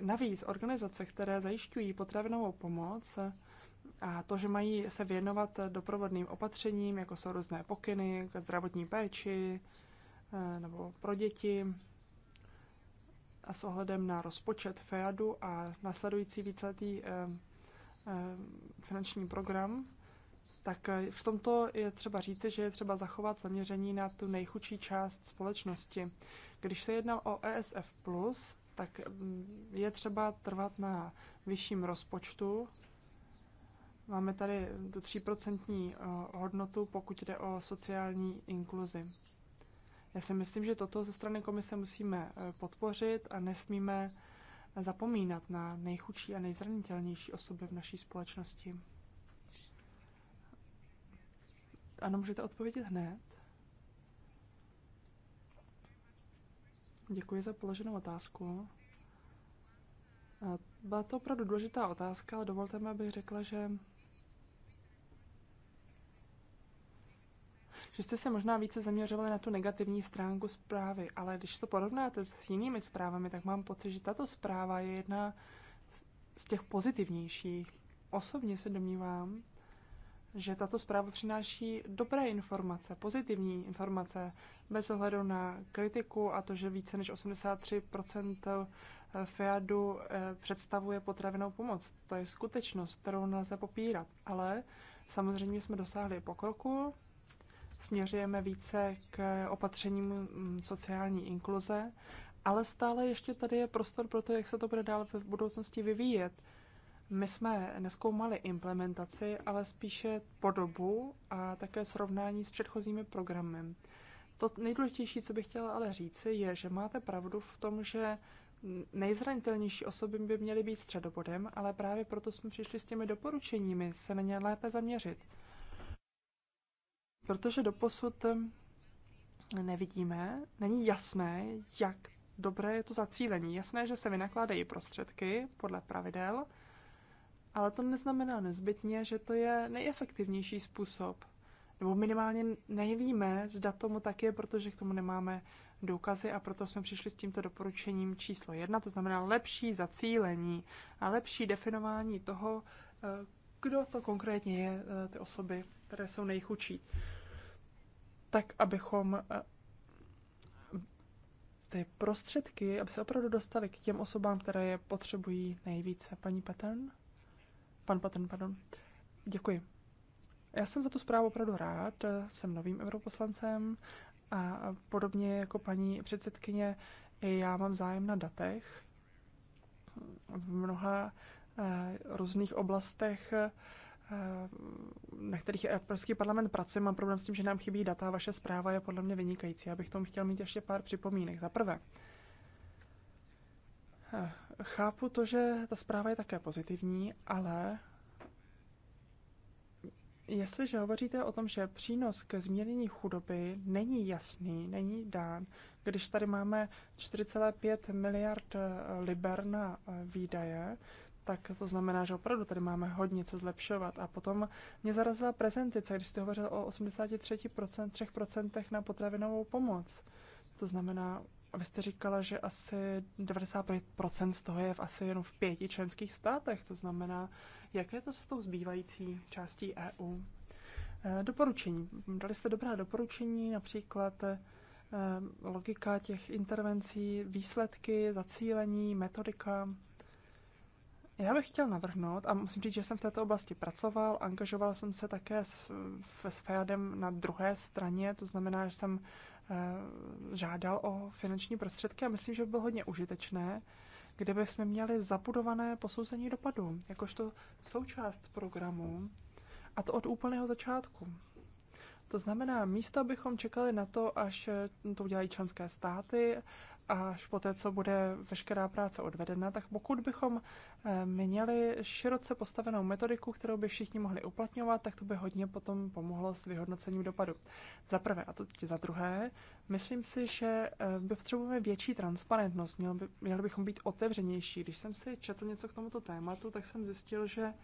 [SPEAKER 2] Navíc organizace, které zajišťují potravinovou pomoc eh, a to, že mají se věnovat doprovodným opatřením, jako jsou různé pokyny k zdravotní péči nebo pro děti, a s ohledem na rozpočet FEADu a nasledující víceletý finanční program, tak eh, v tomto je třeba říci, že je třeba zachovat zaměření na tu nejchudší část společnosti. Když se jednal o ESF+, tak mm, je třeba trvat na vyšším rozpočtu. Máme tady tu 3% eh, hodnotu, pokud jde o sociální inkluzi. Já si myslím, že toto ze strany komise musíme eh, podpořit a nesmíme zapomínat na nejchudší a nejzranitelnější osoby v naší společnosti. Ano, můžete odpovědět hned. Děkuji za položenou otázku. Byla to opravdu důležitá otázka, ale dovolte mi, abych řekla, že že jste se možná více zaměřovali na tu negativní stránku zprávy, ale když to porovnáte s jinými zprávami, tak mám pocit, že tato zpráva je jedna z těch pozitivnějších. Osobně se domnívám, že tato zpráva přináší dobré informace, pozitivní informace, bez ohledu na kritiku a to, že více než 83 eh, FIADu eh, představuje potravinou pomoc. To je skutečnost, kterou nelze popírat, ale samozřejmě jsme dosáhli pokroku, směřujeme více k opatřením mm, sociální inkluze, ale stále ještě tady je prostor pro to, jak se to bude dál v budoucnosti vyvíjet. My jsme neskoumali implementaci, ale spíše podobu a také srovnání s předchozími programy. To nejdůležitější, co bych chtěla ale říci, je, že máte pravdu v tom, že nejzranitelnější osoby by měly být středobodem, ale právě proto jsme přišli s těmi doporučeními se na ně lépe zaměřit. Protože doposud nevidíme, není jasné, jak dobré je to zacílení. Jasné, že se vynakládají prostředky podle pravidel, ale to neznamená nezbytně, že to je nejefektivnější způsob. Nebo minimálně nevíme, zda tomu tak je, protože k tomu nemáme důkazy a proto jsme přišli s tímto doporučením číslo jedna, to znamená lepší zacílení a lepší definování toho, eh, kdo to konkrétně je, eh, ty osoby, které jsou nejchudší. Tak, abychom eh, ty prostředky, aby se opravdu dostali k těm osobám, které je potřebují nejvíce. Paní Petern? Pan patron, pardon. Děkuji. Já jsem za tu zprávu opravdu rád, jsem novým europoslancem a podobně jako paní předsedkyně, já mám zájem na datech. V mnoha eh, různých oblastech, eh, na kterých Evropský parlament pracuje, mám problém s tím, že nám chybí data. Vaše zpráva je podle mě vynikající. Já bych tomu chtěl mít ještě pár připomínek. Za prvé, eh, Chápu to, že ta zpráva je také pozitivní, ale Jestliže hovoříte o tom, že přínos ke zmírnění chudoby není jasný, není dán, když tady máme 4,5 miliard eh, liber na eh, výdaje, tak to znamená, že opravdu tady máme hodně co zlepšovat. A potom mě zarazila prezentice, když jste hovořil o 83%, 3% na potravinovou pomoc. To znamená, vy jste říkala, že asi 95% z toho je v asi jenom v pěti členských státech. To znamená, jaké to s tou zbývající částí EU? Eh, doporučení. Dali jste dobrá doporučení, například eh, logika těch intervencí, výsledky, zacílení, metodika. Já bych chtěl navrhnout, a musím říct, že jsem v této oblasti pracoval, angažoval jsem se také s, s FEADem na druhé straně, to znamená, že jsem Eh, žádal o finanční prostředky a myslím, že by bylo hodně užitečné, kdyby jsme měli zabudované posouzení dopadů, jakožto součást programu, a to od úplného začátku. To znamená, místo abychom čekali na to, až to udělají členské státy až poté, co bude veškerá práce odvedena, tak pokud bychom eh, měli široce postavenou metodiku, kterou by všichni mohli uplatňovat, tak to by hodně potom pomohlo s vyhodnocením dopadu. Za prvé a to za druhé, myslím si, že by eh, potřebujeme větší transparentnost, měli, by, měli bychom být otevřenější. Když jsem si četl něco k tomuto tématu, tak jsem zjistil, že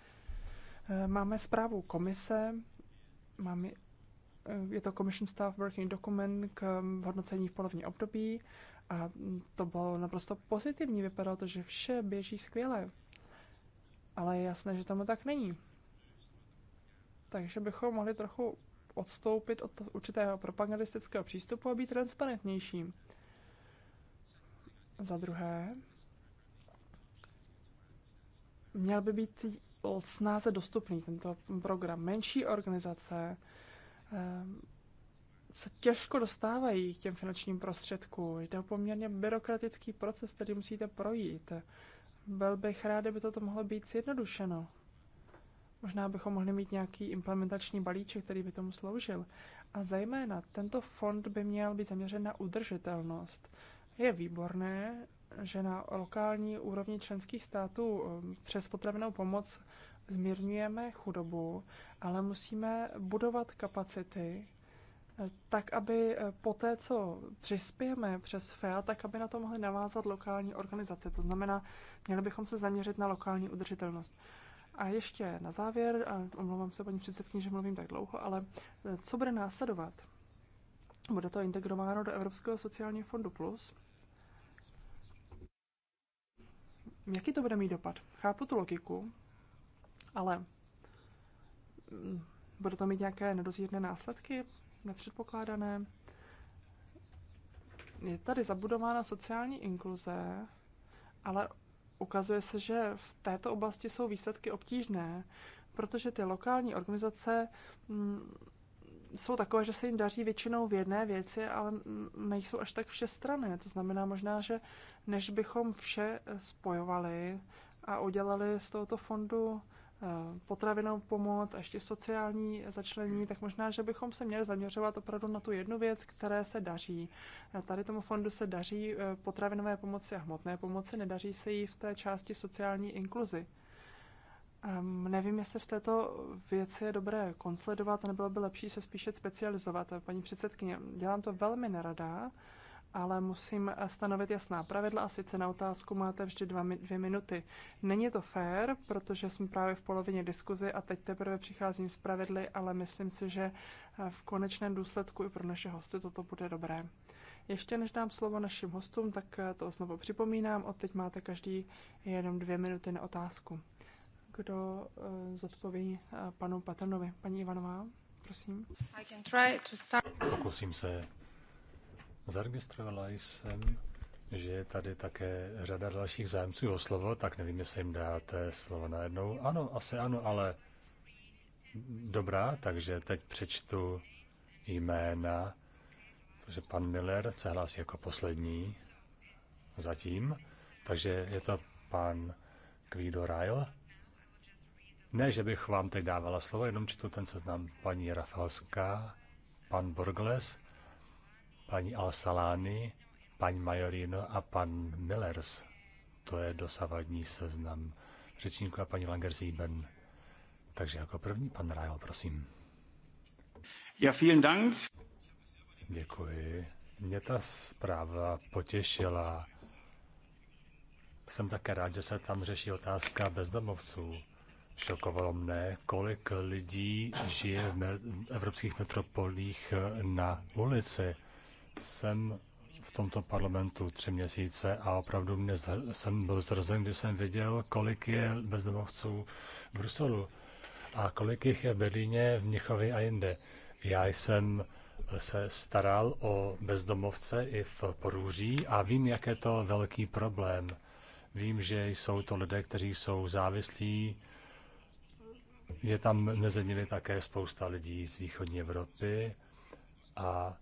[SPEAKER 2] eh, máme zprávu komise, máme je to Commission Staff Working Document k hm, hodnocení v polovní období a to bylo naprosto pozitivní, vypadalo to, že vše běží skvěle. Ale je jasné, že tomu tak není. Takže bychom mohli trochu odstoupit od určitého propagandistického přístupu a být transparentnější. Za druhé, měl by být snáze dostupný tento program. Menší organizace se těžko dostávají k těm finančním prostředkům. Je to poměrně byrokratický proces, který musíte projít. Byl bych rád, kdyby toto mohlo být zjednodušeno. Možná bychom mohli mít nějaký implementační balíček, který by tomu sloužil. A zejména tento fond by měl být zaměřen na udržitelnost. Je výborné, že na lokální úrovni členských států um, přes potravinou pomoc zmírňujeme chudobu, ale musíme budovat kapacity tak aby eh, po té, co přispějeme přes FEA, tak aby na to mohly navázat lokální organizace. To znamená, měli bychom se zaměřit na lokální udržitelnost. A ještě na závěr, a omlouvám se paní předsedkyni, že mluvím tak dlouho, ale eh, co bude následovat? Bude to integrováno do Evropského sociálního fondu plus? Jaký to bude mít dopad? Chápu tu logiku, ale mm, bude to mít nějaké nedozírné následky? nepředpokládané. Je tady zabudována sociální inkluze, ale ukazuje se, že v této oblasti jsou výsledky obtížné, protože ty lokální organizace mm, jsou takové, že se jim daří většinou v jedné věci, ale nejsou až tak všestrané. To znamená možná, že než bychom vše spojovali a udělali z tohoto fondu potravinou pomoc a ještě sociální začlenění, tak možná, že bychom se měli zaměřovat opravdu na tu jednu věc, které se daří. Tady tomu fondu se daří eh, potravinové pomoci a hmotné pomoci, nedaří se jí v té části sociální inkluzi. Um, nevím, jestli v této věci je dobré konsolidovat, nebylo by lepší se spíše specializovat. Paní předsedkyně, dělám to velmi nerada, ale musím stanovit jasná pravidla a sice na otázku máte vždy dva, dvě minuty. Není to fair, protože jsme právě v polovině diskuzi a teď teprve přicházím s pravidly, ale myslím si, že eh, v konečném důsledku i pro naše hosty toto bude dobré. Ještě než dám slovo našim hostům, tak eh, to znovu připomínám. Od teď máte každý jenom dvě minuty na otázku. Kdo uh, zodpoví uh, panu Patrnovi? Paní Ivanová, prosím.
[SPEAKER 3] I can try to start. Pokusím se Zaregistrovala jsem, že je tady také řada dalších zájemců o slovo, tak nevím, jestli jim dáte slovo najednou. Ano, asi ano, ale dobrá, takže teď přečtu jména. Takže pan Miller se hlásí jako poslední zatím. Takže je to pan Guido Ryle. Ne, že bych vám teď dávala slovo, jenom čtu ten seznam paní Rafalská, pan Borgles, paní al paní Majorino a pan Millers. To je dosavadní seznam řečníků a paní Langer-Sieben. Takže jako první pan Rajo, prosím. Ja, vielen Dank. Děkuji. Mě ta zpráva potěšila. Jsem také rád, že se tam řeší otázka bezdomovců. Šokovalo mne, kolik lidí žije v evropských metropolích na ulici jsem v tomto parlamentu tři měsíce a opravdu mě jsem byl zrozen, když jsem viděl, kolik je bezdomovců v Bruselu a kolik jich je v Berlíně, v Mnichově a jinde. Já jsem se staral o bezdomovce i v Porůří a vím, jak je to velký problém. Vím, že jsou to lidé, kteří jsou závislí. Je tam mezi nimi také spousta lidí z východní Evropy a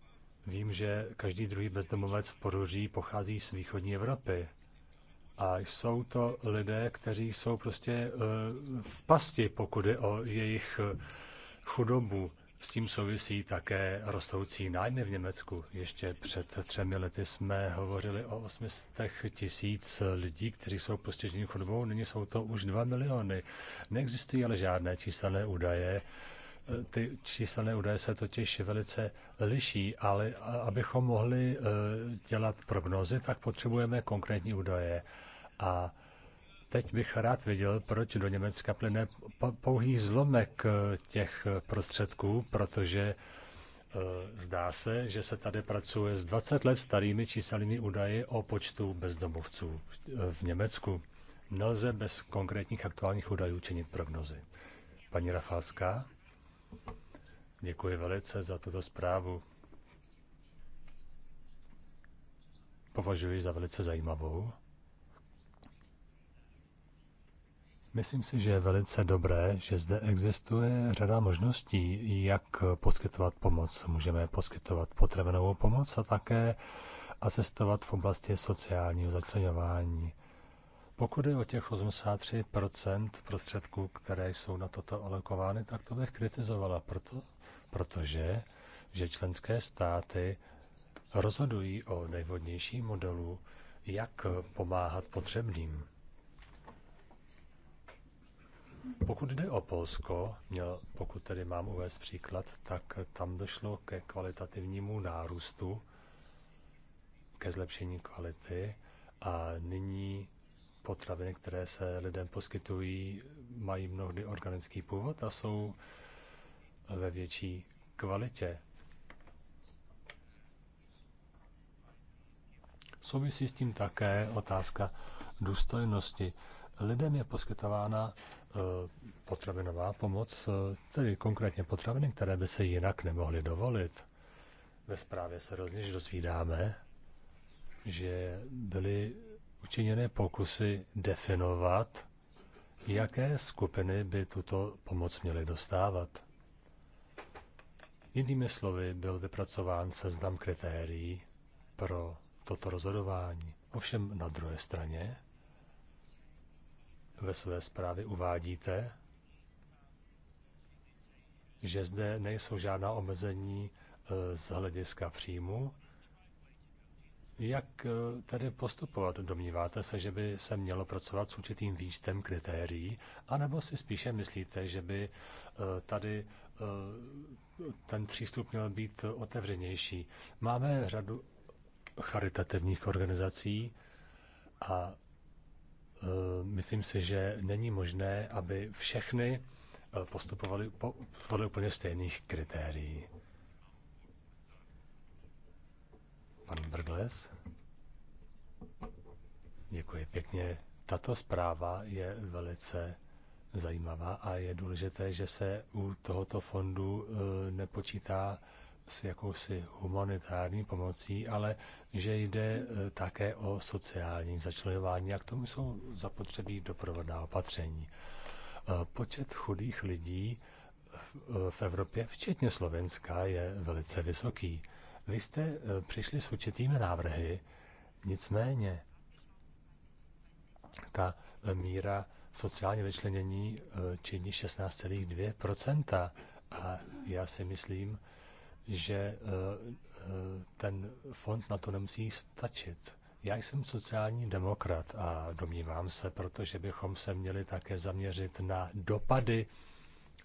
[SPEAKER 3] Vím, že každý druhý bezdomovec v Poruří pochází z východní Evropy. A jsou to lidé, kteří jsou prostě eh, v pasti, pokud je o jejich eh, chudobu. S tím souvisí také rostoucí nájmy v Německu. Ještě před třemi lety jsme hovořili o 800 tisíc lidí, kteří jsou postiženi chudobou, nyní jsou to už 2 miliony. Neexistují ale žádné číselné údaje ty číselné údaje se totiž velice liší, ale abychom mohli eh, dělat prognozy, tak potřebujeme konkrétní údaje. A teď bych rád viděl, proč do Německa plyne pouhý zlomek eh, těch prostředků, protože eh, zdá se, že se tady pracuje s 20 let starými číselnými údaji o počtu bezdomovců v Německu. Nelze bez konkrétních aktuálních údajů činit prognozy. Paní Rafalská? Děkuji velice za tuto zprávu. Považuji za velice zajímavou. Myslím si, že je velice dobré, že zde existuje řada možností, jak poskytovat pomoc. Můžeme poskytovat potravinovou pomoc a také asistovat v oblasti sociálního začlenování. Pokud je o těch 83% prostředků, které jsou na toto alokovány, tak to bych kritizovala, proto, protože že členské státy rozhodují o nejvhodnějším modelu, jak pomáhat potřebným. Pokud jde o Polsko, měl, pokud tedy mám uvést příklad, tak tam došlo ke kvalitativnímu nárůstu, ke zlepšení kvality a nyní potraviny, které se lidem poskytují, mají mnohdy organický původ a jsou ve větší kvalitě. Souvisí s tím také otázka důstojnosti. Lidem je poskytována eh, potravinová pomoc, eh, tedy konkrétně potraviny, které by se jinak nemohly dovolit. Ve zprávě se rozněž dozvídáme, že byly učiněné pokusy definovat, jaké skupiny by tuto pomoc měly dostávat. Jinými slovy, byl vypracován seznam kritérií pro toto rozhodování. Ovšem na druhé straně ve své zprávě uvádíte, že zde nejsou žádná omezení e, z hlediska příjmu, jak eh, tedy postupovat? Domníváte se, že by se mělo pracovat s určitým výčtem kritérií, anebo si spíše myslíte, že by eh, tady eh, ten přístup měl být otevřenější? Máme řadu charitativních organizací a myslím si, že není možné, aby všechny postupovali podle úplně stejných kritérií. Pan Brgles. Děkuji pěkně. Tato zpráva je velice zajímavá a je důležité, že se u tohoto fondu e, nepočítá s jakousi humanitární pomocí, ale že jde e, také o sociální začlenování a k tomu jsou zapotřebí doprovodná opatření. E, počet chudých lidí v Evropě, včetně Slovenska, je velice vysoký. Vy jste eh, přišli s určitými návrhy, nicméně ta eh, míra sociální vyčlenění eh, činí 16,2 a já si myslím, že ten fond na to nemusí stačit. Já jsem sociální demokrat a domnívám se, protože bychom se měli také zaměřit na dopady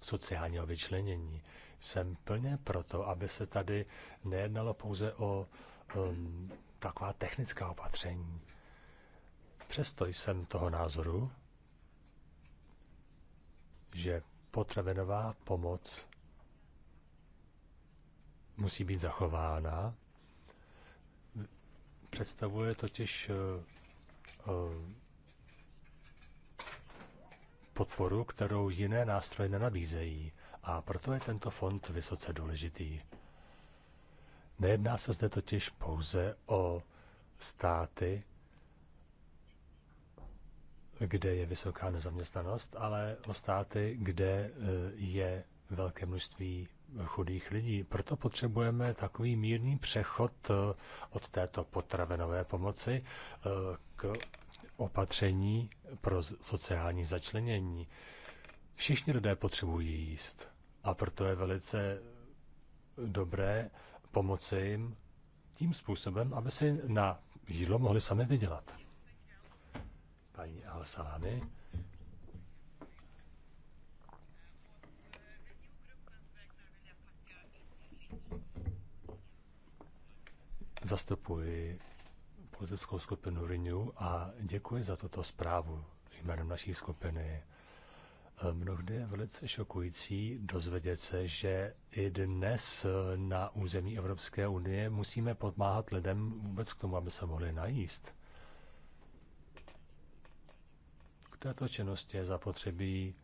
[SPEAKER 3] sociálního vyčlenění. Jsem plně proto, aby se tady nejednalo pouze o um, taková technická opatření. Přesto jsem toho názoru, že potravinová pomoc musí být zachována. Představuje totiž uh, uh, podporu, kterou jiné nástroje nenabízejí a proto je tento fond vysoce důležitý. Nejedná se zde totiž pouze o státy, kde je vysoká nezaměstnanost, ale o státy, kde eh, je velké množství chudých lidí. Proto potřebujeme takový mírný přechod eh, od této potravenové pomoci eh, k opatření pro sociální začlenění. Všichni lidé potřebují jíst a proto je velice dobré pomoci jim tím způsobem, aby si na jídlo mohli sami vydělat. Paní Al-Salami. Zastupuji politickou skupinu Renew a děkuji za tuto zprávu jménem naší skupiny. E, mnohdy je velice šokující dozvědět se, že i dnes na území Evropské unie musíme podmáhat lidem vůbec k tomu, aby se mohli najíst. K této činnosti je zapotřebí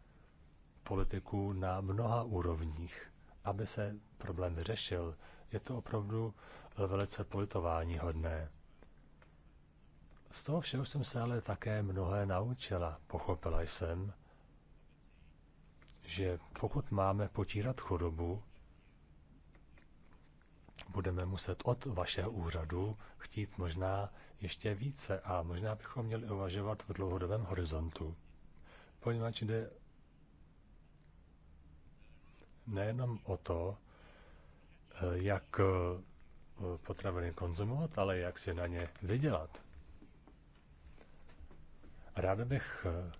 [SPEAKER 3] politiku na mnoha úrovních, aby se problém vyřešil. Je to opravdu velice politování hodné. Z toho všeho jsem se ale také mnohé naučila. Pochopila jsem, že pokud máme potírat chodobu, budeme muset od vašeho úřadu chtít možná ještě více a možná bychom měli uvažovat v dlouhodobém horizontu, poněvadž jde nejenom o to, eh, jak eh, potraviny konzumovat, ale jak si na ně vydělat. Ráda bych eh,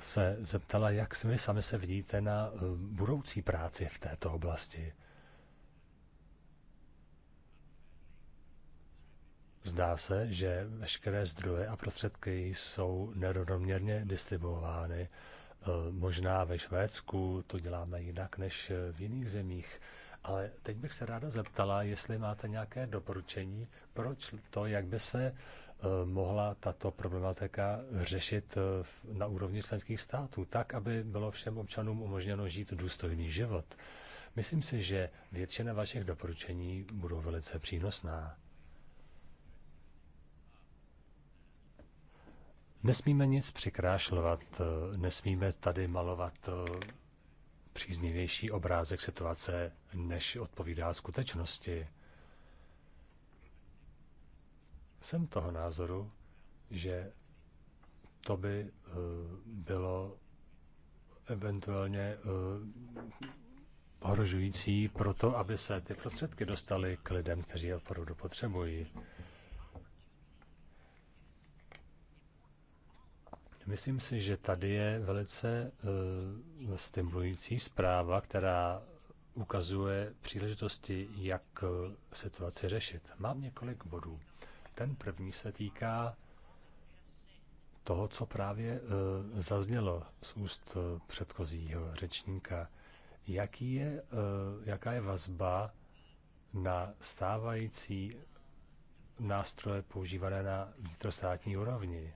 [SPEAKER 3] se zeptala, jak si vy sami se vidíte na eh, budoucí práci v této oblasti. Zdá se, že veškeré zdroje a prostředky jsou nerovnoměrně distribuovány. Eh, možná ve Švédsku to děláme jinak než v jiných zemích, ale teď bych se ráda zeptala, jestli máte nějaké doporučení, proč to, jak by se Eh, mohla tato problematika řešit eh, na úrovni členských států, tak, aby bylo všem občanům umožněno žít důstojný život. Myslím si, že většina vašich doporučení budou velice přínosná. Nesmíme nic přikrášlovat, eh, nesmíme tady malovat příznivější obrázek situace, než odpovídá skutečnosti. Jsem toho názoru, že to by eh, bylo eventuálně eh, ohrožující pro to, aby se ty prostředky dostaly k lidem, kteří je opravdu potřebují. Myslím si, že tady je velice uh, stimulující zpráva, která ukazuje příležitosti, jak situaci řešit. Mám několik bodů. Ten první se týká toho, co právě e, zaznělo z úst e, předchozího řečníka. Jaký je, e, jaká je vazba na stávající nástroje používané na vnitrostátní úrovni?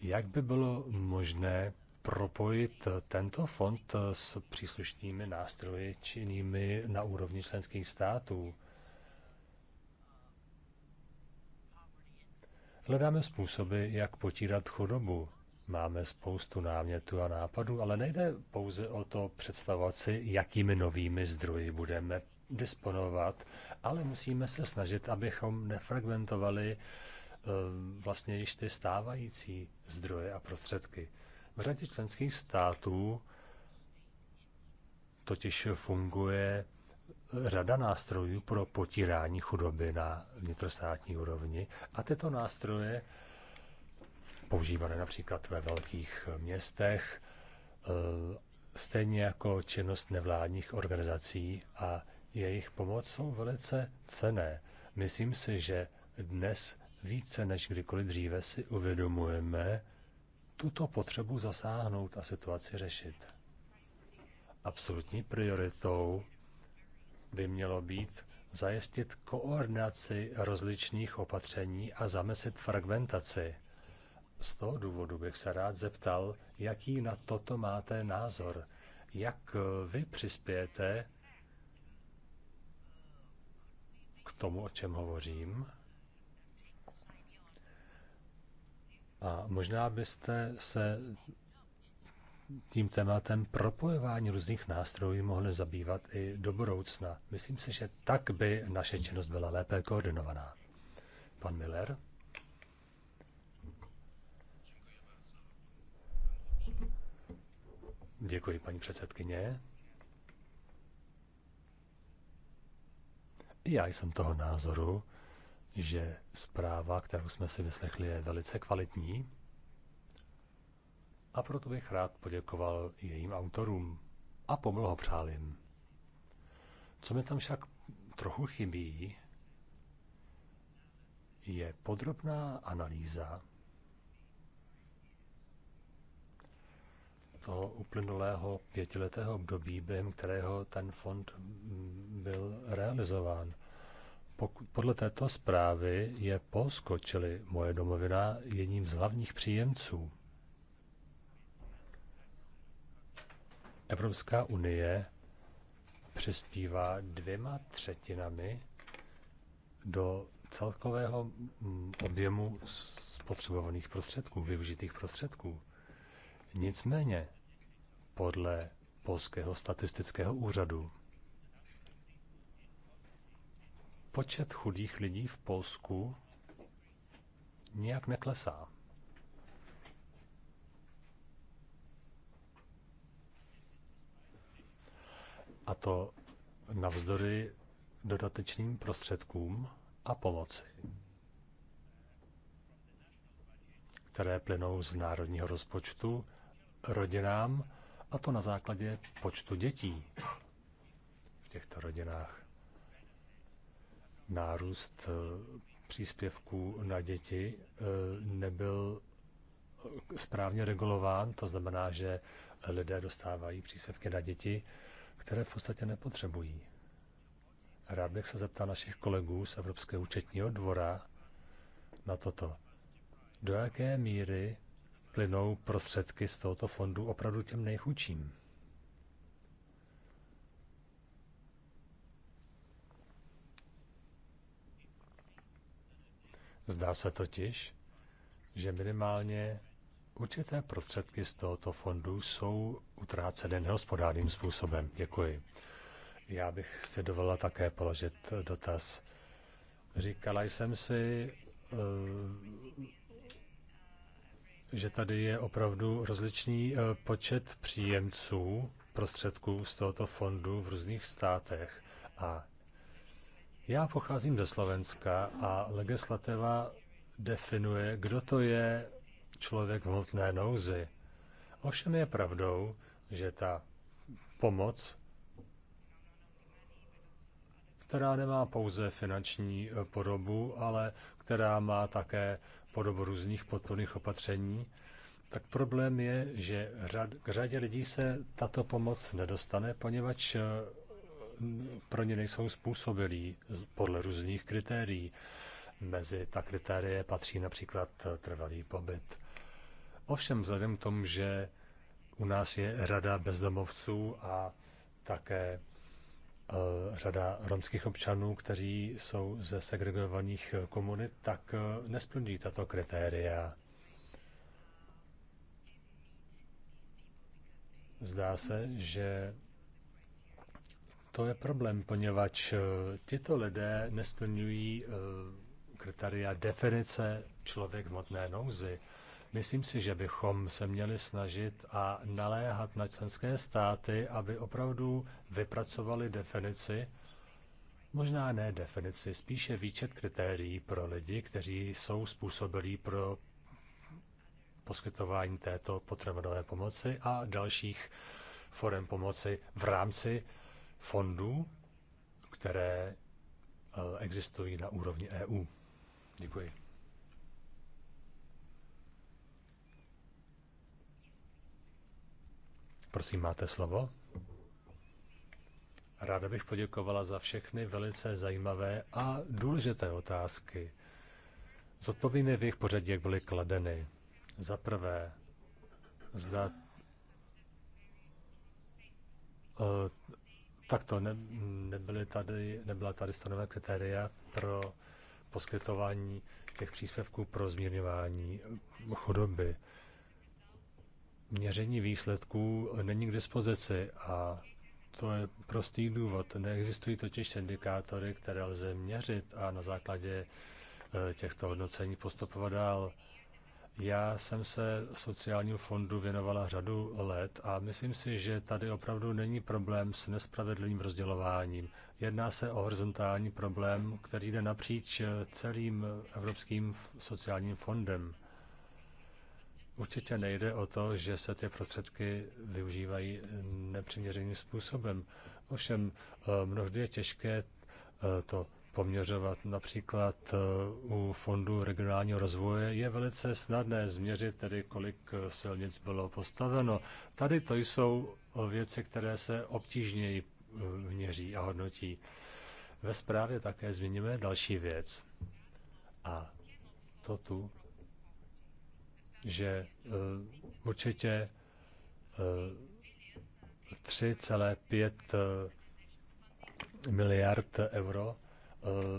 [SPEAKER 3] Jak by bylo možné propojit tento fond s příslušnými nástroji činnými na úrovni členských států? Hledáme způsoby, jak potírat chudobu. Máme spoustu námětů a nápadů, ale nejde pouze o to představovat si, jakými novými zdroji budeme disponovat, ale musíme se snažit, abychom nefragmentovali eh, vlastně již ty stávající zdroje a prostředky. V řadě členských států totiž funguje řada nástrojů pro potírání chudoby na vnitrostátní úrovni a tyto nástroje, používané například ve velkých městech, eh, stejně jako činnost nevládních organizací a jejich pomoc jsou velice cené. Myslím si, že dnes více než kdykoliv dříve si uvědomujeme tuto potřebu zasáhnout a situaci řešit. Absolutní prioritou by mělo být zajistit koordinaci rozličných opatření a zamezit fragmentaci. Z toho důvodu bych se rád zeptal, jaký na toto máte názor. Jak vy přispějete k tomu, o čem hovořím? A možná byste se tím tématem propojování různých nástrojů mohli zabývat i do budoucna. Myslím si, že tak by naše činnost byla lépe koordinovaná. Pan Miller. Děkuji, paní předsedkyně. já jsem toho názoru, že zpráva, kterou jsme si vyslechli, je velice kvalitní a proto bych rád poděkoval jejím autorům a poblahopřál jim. Co mi tam však trochu chybí, je podrobná analýza toho uplynulého pětiletého období, během kterého ten fond byl realizován. podle této zprávy je Polsko, čili moje domovina, jedním z hlavních příjemců. Evropská unie přispívá dvěma třetinami do celkového mm, objemu spotřebovaných prostředků, využitých prostředků. Nicméně, podle Polského statistického úřadu, počet chudých lidí v Polsku nijak neklesá. a to navzdory dodatečným prostředkům a pomoci, které plynou z národního rozpočtu rodinám, a to na základě počtu dětí v těchto rodinách. Nárůst eh, příspěvků na děti eh, nebyl eh, správně regulován, to znamená, že lidé dostávají příspěvky na děti které v podstatě nepotřebují. Rád bych se zeptal našich kolegů z Evropského účetního dvora na toto. Do jaké míry plynou prostředky z tohoto fondu opravdu těm nejchučím? Zdá se totiž, že minimálně Určité prostředky z tohoto fondu jsou utráceny nehospodárným způsobem. Děkuji. Já bych si dovolila také položit dotaz. Říkala jsem si, eh, že tady je opravdu rozličný eh, počet příjemců prostředků z tohoto fondu v různých státech. A já pocházím do Slovenska a legislativa definuje, kdo to je, člověk v hmotné nouzi. Ovšem je pravdou, že ta pomoc, která nemá pouze finanční eh, podobu, ale která má také podobu různých podporných opatření, tak problém je, že řad, k řadě lidí se tato pomoc nedostane, poněvadž eh, pro ně nejsou způsobilí podle různých kritérií. Mezi ta kritérie patří například eh, trvalý pobyt. Ovšem vzhledem k tomu, že u nás je rada bezdomovců a také e, řada romských občanů, kteří jsou ze segregovaných komunit, tak e, nesplňují tato kritéria. Zdá se, že to je problém, poněvadž e, tyto lidé nesplňují kritéria definice člověk v motné nouzi. Myslím si, že bychom se měli snažit a naléhat na členské státy, aby opravdu vypracovali definici, možná ne definici, spíše výčet kritérií pro lidi, kteří jsou způsobilí pro poskytování této potravinové pomoci a dalších forem pomoci v rámci fondů, které eh, existují na úrovni EU. Děkuji. Prosím, máte slovo. Ráda bych poděkovala za všechny velice zajímavé a důležité otázky. Zodpovíme v jejich pořadí, jak byly kladeny. Za prvé, zda eh, takto ne, nebyly tady, nebyla tady stanovena kritéria pro poskytování těch příspěvků pro zmírňování chudoby měření výsledků není k dispozici a to je prostý důvod. Neexistují totiž indikátory, které lze měřit a na základě e, těchto hodnocení postupovat dál. Já jsem se sociálnímu fondu věnovala řadu let a myslím si, že tady opravdu není problém s nespravedlivým rozdělováním. Jedná se o horizontální problém, který jde napříč celým Evropským sociálním fondem. Určitě nejde o to, že se ty prostředky využívají nepřiměřeným způsobem. Ovšem, eh, mnohdy je těžké eh, to poměřovat. Například eh, u Fondu regionálního rozvoje je velice snadné změřit tedy, kolik silnic bylo postaveno. Tady to jsou věci, které se obtížněji měří a hodnotí. Ve zprávě také zmíníme další věc. A to tu že e, určitě 3,5 e, e, miliard euro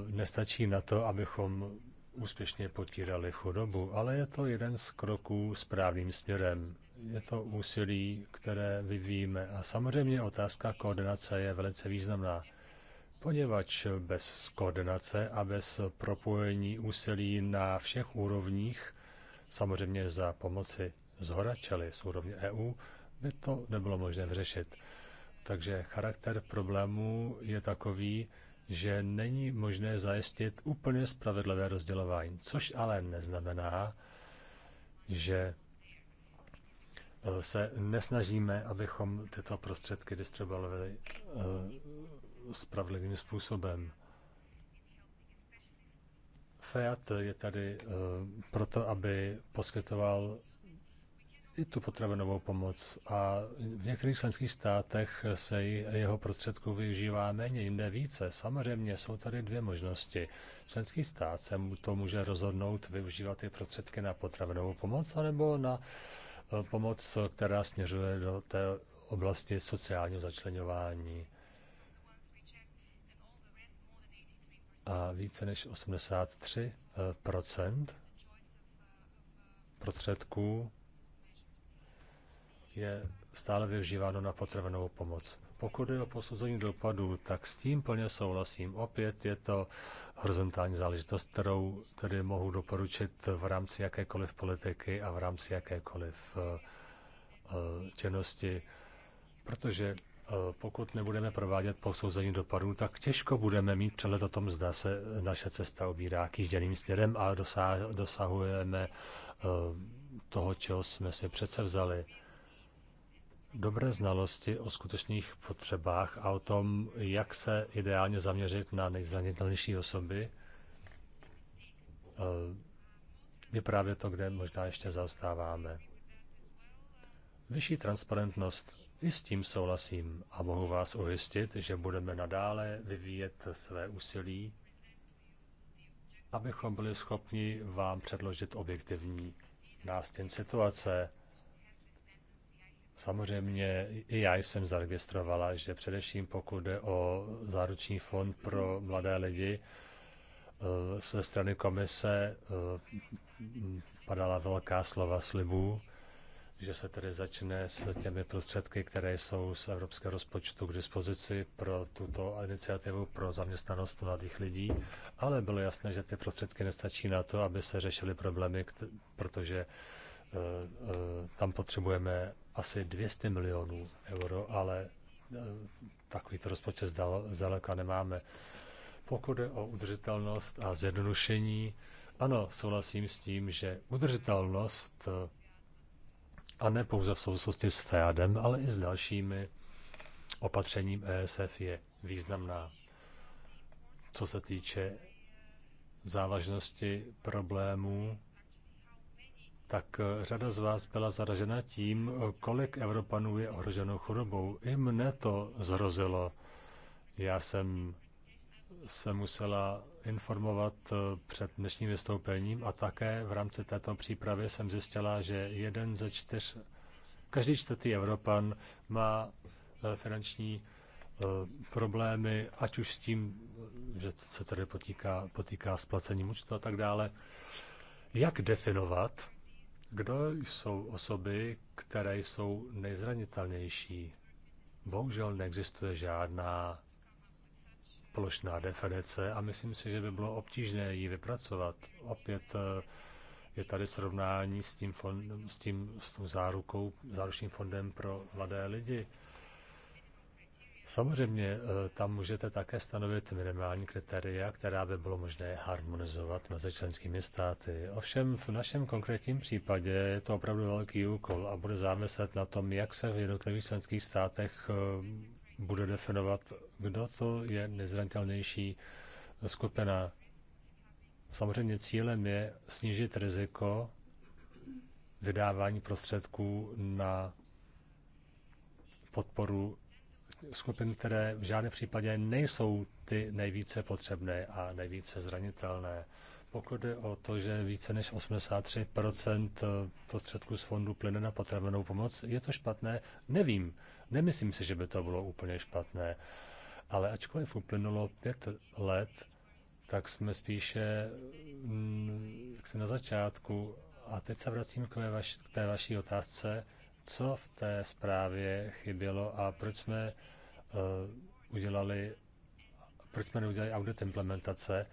[SPEAKER 3] nestačí na to, abychom úspěšně potírali chudobu, ale je to jeden z kroků správným směrem. Je to úsilí, které vyvíjíme. A samozřejmě otázka koordinace je velice významná, poněvadž bez koordinace a bez propojení úsilí na všech úrovních Samozřejmě za pomoci z hora, z úrovně EU, by to nebylo možné vyřešit. Takže charakter problému je takový, že není možné zajistit úplně spravedlivé rozdělování, což ale neznamená, že eh, se nesnažíme, abychom tyto prostředky distribuovali eh, spravedlivým způsobem. FEAT je tady eh, proto, aby poskytoval i tu potravinovou pomoc a v některých členských státech se jeho prostředků využívá méně, jinde více. Samozřejmě jsou tady dvě možnosti. Členský stát se mu to může rozhodnout využívat ty prostředky na potravinovou pomoc anebo na eh, pomoc, která směřuje do té oblasti sociálního začlenování. a více než 83 eh, prostředků je stále využíváno na potravenou pomoc. Pokud je o posouzení dopadů, tak s tím plně souhlasím. Opět je to horizontální záležitost, kterou tedy mohu doporučit v rámci jakékoliv politiky a v rámci jakékoliv eh, eh, činnosti, protože pokud nebudeme provádět posouzení dopadů, tak těžko budeme mít přehled o tom, zda se naše cesta obírá kýžděným směrem a dosahujeme eh, toho, čeho jsme si přece vzali. Dobré znalosti o skutečných potřebách a o tom, jak se ideálně zaměřit na nejzranitelnější osoby, eh, je právě to, kde možná ještě zaostáváme. Vyšší transparentnost i s tím souhlasím a mohu vás ujistit, že budeme nadále vyvíjet své úsilí, abychom byli schopni vám předložit objektivní nástěn situace. Samozřejmě i já jsem zaregistrovala, že především pokud jde o záruční fond pro mladé lidi, se eh, strany komise eh, padala velká slova slibů že se tedy začne s těmi prostředky, které jsou z evropského rozpočtu k dispozici pro tuto iniciativu pro zaměstnanost mladých lidí, ale bylo jasné, že ty prostředky nestačí na to, aby se řešily problémy, protože eh, eh, tam potřebujeme asi 200 milionů euro, ale eh, takovýto rozpočet zdaleka nemáme. Pokud jde o udržitelnost a zjednodušení, ano, souhlasím s tím, že udržitelnost a ne pouze v souvislosti s FEADem, ale i s dalšími opatřením ESF je významná. Co se týče závažnosti problémů, tak řada z vás byla zaražena tím, kolik Evropanů je ohroženou chorobou. I mne to zhrozilo. Já jsem se musela informovat eh, před dnešním vystoupením a také v rámci této přípravy jsem zjistila, že jeden ze čtyř, každý čtvrtý Evropan má eh, finanční eh, problémy, ať už s tím, že se tady potýká, potýká s placením účtu a tak dále. Jak definovat, kdo jsou osoby, které jsou nejzranitelnější? Bohužel neexistuje žádná plošná definice a myslím si, že by bylo obtížné ji vypracovat. Opět eh, je tady srovnání s tím, fondem, s tím s tou zárukou, záručním fondem pro mladé lidi. Samozřejmě eh, tam můžete také stanovit minimální kritéria, která by bylo možné harmonizovat mezi členskými státy. Ovšem v našem konkrétním případě je to opravdu velký úkol a bude záviset na tom, jak se v jednotlivých členských státech eh, bude definovat, kdo to je nejzranitelnější skupina. Samozřejmě cílem je snížit riziko vydávání prostředků na podporu skupin, které v žádném případě nejsou ty nejvíce potřebné a nejvíce zranitelné. Pokud je o to, že více než 83% prostředků z fondu plyne na potravenou pomoc, je to špatné? Nevím. Nemyslím si, že by to bylo úplně špatné, ale ačkoliv uplynulo pět let, tak jsme spíše mm, jak se na začátku. A teď se vracím k, vaš, k té vaší otázce, co v té zprávě chybělo a proč jsme uh, udělali, proč jsme neudělali audit implementace.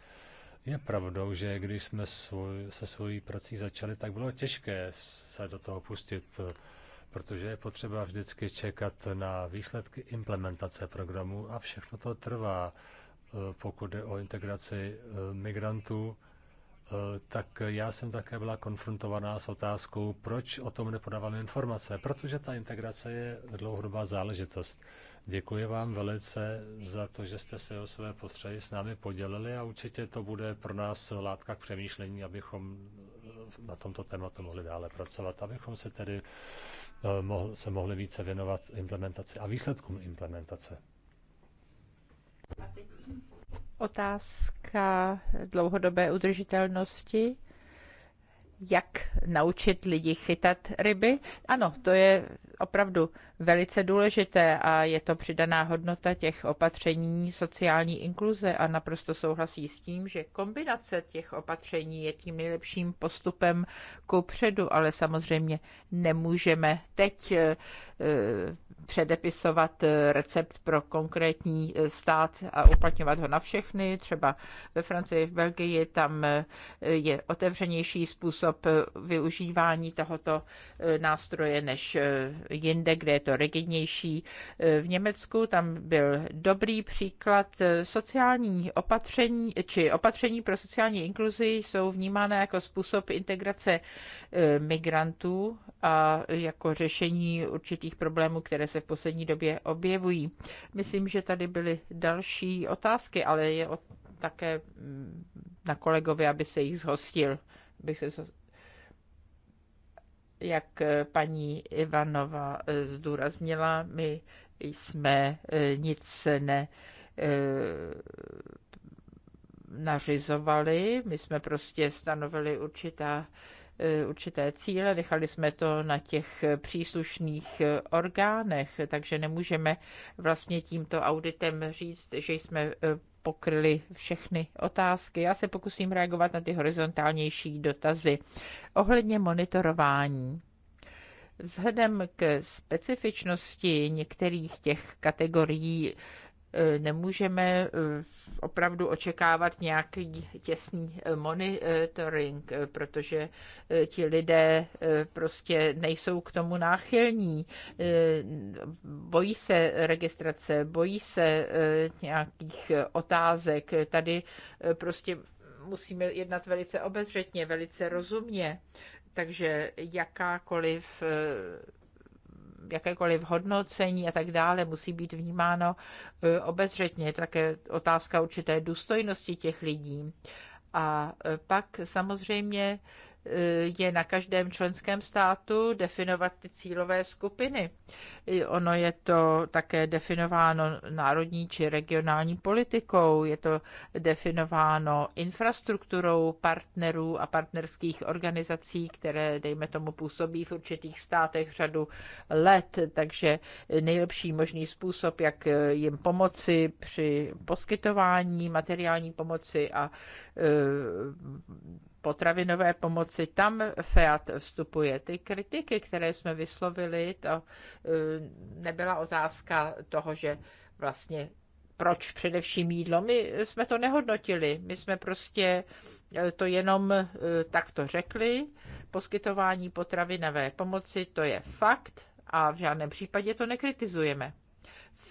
[SPEAKER 3] Je pravdou, že když jsme svoj, se svojí prací začali, tak bylo těžké se do toho pustit. Eh, protože je potřeba vždycky čekat na výsledky implementace programu a všechno to trvá. E, pokud jde o integraci e, migrantů, e, tak já jsem také byla konfrontovaná s otázkou, proč o tom nepodáváme informace, protože ta integrace je dlouhodobá záležitost. Děkuji vám velice za to, že jste se o své postřehy s námi podělili a určitě to bude pro nás látka k přemýšlení, abychom na tomto tématu mohli dále pracovat, abychom se tedy Eh, mohl, se mohli více věnovat implementaci a výsledkům implementace.
[SPEAKER 1] Otázka dlouhodobé udržitelnosti. Jak naučit lidi chytat ryby? Ano, to je opravdu velice důležité a je to přidaná hodnota těch opatření sociální inkluze a naprosto souhlasí s tím, že kombinace těch opatření je tím nejlepším postupem ku předu, ale samozřejmě nemůžeme teď eh, eh, předepisovat eh, recept pro konkrétní stát a uplatňovat ho na všechny. Třeba ve Francii, v Belgii, tam je otevřenější způsob využívání tohoto nástroje než jinde, kde je to rigidnější. E, v Německu tam byl dobrý příklad. E, sociální opatření či opatření pro sociální inkluzi jsou vnímána jako způsob integrace e, migrantů a jako řešení určitých problémů, které se v poslední době objevují. Myslím, že tady byly další otázky, ale je také mm, na kolegovi, aby se jich zhostil. Bych se jak eh, paní Ivanova eh, zdůraznila, my jsme eh, nic ne nařizovali, my jsme prostě stanovili určitá určité cíle, nechali jsme to na těch příslušných orgánech, takže nemůžeme vlastně tímto auditem říct, že jsme pokryli všechny otázky. Já se pokusím reagovat na ty horizontálnější dotazy. Ohledně monitorování. Vzhledem k specifičnosti některých těch kategorií E, nemůžeme e, opravdu očekávat nějaký těsný e, monitoring, protože ti lidé prostě nejsou k tomu náchylní. Bojí se registrace, bojí se nějakých otázek. Tady prostě musíme jednat velice obezřetně, velice rozumně. Takže jakákoliv jakékoliv hodnocení a tak dále musí být vnímáno e, obezřetně. Také otázka určité důstojnosti těch lidí. A e, pak samozřejmě Eh, je na každém členském státu definovat ty cílové skupiny. Ono je to také definováno národní či regionální politikou, je to definováno infrastrukturou partnerů a partnerských organizací, které, dejme tomu, působí v určitých státech řadu let, takže nejlepší možný způsob, jak jim pomoci při poskytování materiální pomoci a Eh, potravinové pomoci, tam FEAT vstupuje. Ty kritiky, které jsme vyslovili, to eh, nebyla otázka toho, že vlastně proč především jídlo. My jsme to nehodnotili, my jsme prostě eh, to jenom takto řekli. Poskytování potravinové pomoci, to je fakt a v žádném případě to nekritizujeme.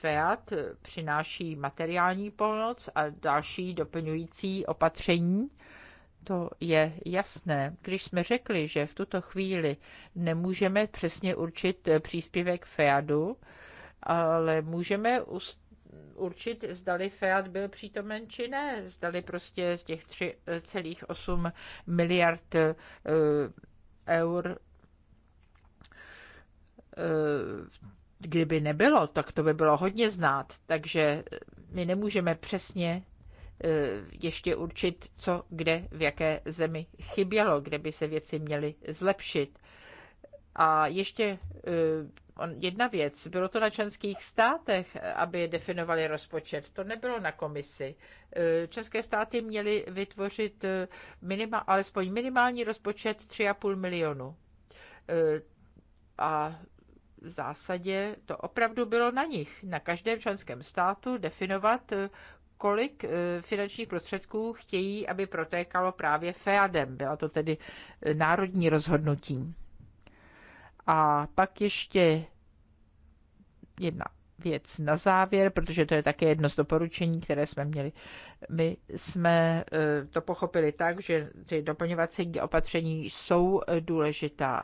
[SPEAKER 1] FEAT přináší materiální pomoc a další doplňující opatření. To je jasné. Když jsme řekli, že v tuto chvíli nemůžeme přesně určit příspěvek FEADu, ale můžeme určit, zdali FEAD byl přítomen či ne, zdali prostě z těch 3,8 miliard eh, eur eh, Kdyby nebylo, tak to by bylo hodně znát, takže eh, my nemůžeme přesně eh, ještě určit, co kde v jaké zemi chybělo, kde by se věci měly zlepšit. A ještě eh, jedna věc, bylo to na členských státech, aby definovali rozpočet, to nebylo na komisi. České státy měly vytvořit minima, alespoň minimální rozpočet 3,5 milionu. A v zásadě to opravdu bylo na nich, na každém členském státu definovat, eh, kolik eh, finančních prostředků chtějí, aby protékalo právě FEADem. Byla to tedy eh, národní rozhodnutí. A pak ještě jedna věc na závěr, protože to je také jedno z doporučení, které jsme měli. My jsme to pochopili tak, že ty doplňovací opatření jsou důležitá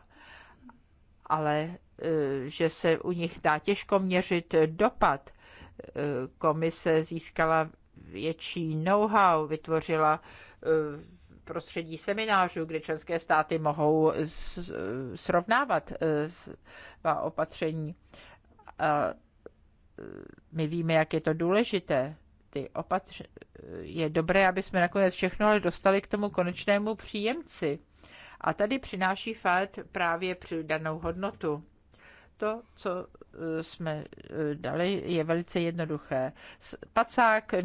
[SPEAKER 1] ale eh, že se u nich dá těžko měřit dopad. Eh, komise získala větší know-how, vytvořila eh, prostředí seminářů, kde členské státy mohou srovnávat svá opatření. A my víme, jak je to důležité. Ty opatř... Je dobré, aby jsme nakonec všechno ale dostali k tomu konečnému příjemci. A tady přináší FAD právě přidanou hodnotu to, co e, jsme e, dali, je velice jednoduché. Pacák e,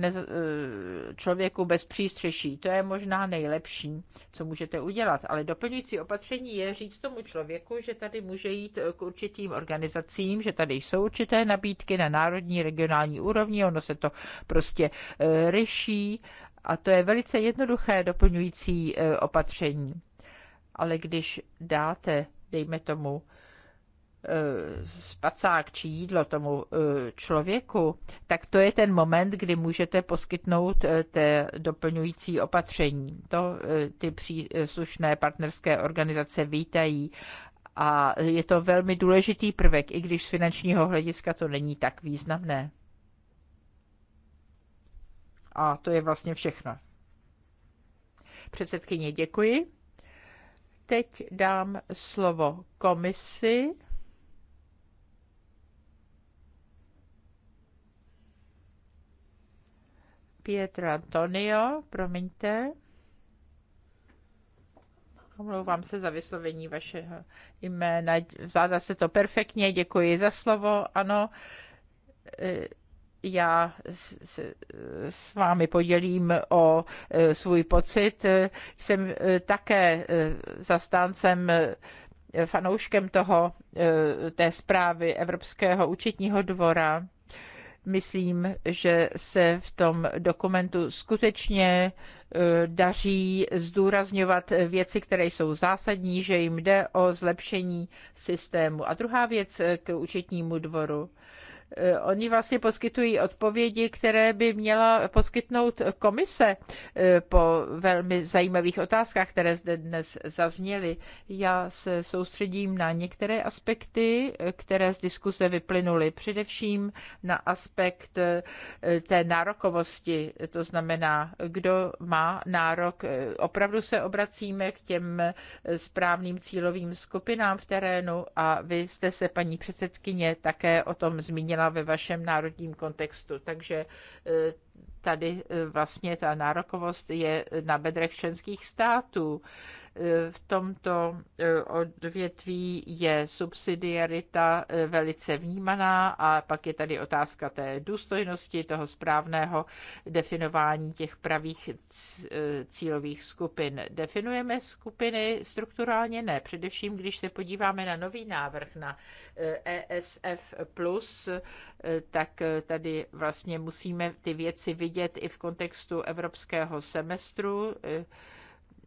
[SPEAKER 1] člověku bez přístřeší, to je možná nejlepší, co můžete udělat, ale doplňující opatření je říct tomu člověku, že tady může jít k určitým organizacím, že tady jsou určité nabídky na národní, regionální úrovni, ono se to prostě ryší a to je velice jednoduché doplňující opatření ale když dáte, dejme tomu, eh, spacák či jídlo tomu eh, člověku, tak to je ten moment, kdy můžete poskytnout eh, té doplňující opatření. To ty příslušné partnerské organizace vítají a je to velmi důležitý prvek, i když z finančního hlediska to není tak významné. A to je vlastně všechno. Předsedkyně, děkuji. Teď dám slovo komisi. Pietro Antonio, promiňte. Omlouvám se za vyslovení vašeho jména. Záda se to perfektně, děkuji za slovo. Ano, eh, já s vámi podělím o e, svůj pocit. Jsem e, také e, zastáncem fanouškem toho, té zprávy Evropského účetního dvora. Myslím, že se v tom dokumentu skutečně daří zdůrazňovat věci, které jsou zásadní, že jim jde o zlepšení systému. A druhá věc k účetnímu dvoru. Eh, oni vlastně poskytují odpovědi, které by měla poskytnout komise eh, po velmi zajímavých otázkách, které zde dnes zazněly. Já se soustředím na některé aspekty, eh, které z diskuse vyplynuly. Především na aspekt té nárokovosti, to znamená, kdo má nárok. Opravdu se obracíme k těm správným cílovým skupinám v terénu a vy jste se, paní předsedkyně, také o tom zmínila zmínila ve vašem národním kontextu. Takže e, tady e, vlastně ta nárokovost je na bedrech členských států. V tomto e, odvětví je subsidiarita e, velice vnímaná a pak je tady otázka té důstojnosti, toho správného definování těch pravých e, cílových skupin. Definujeme skupiny strukturálně ne, především když se podíváme na nový návrh na ESF+, tak tady vlastně musíme ty věci vidět i v kontextu evropského semestru,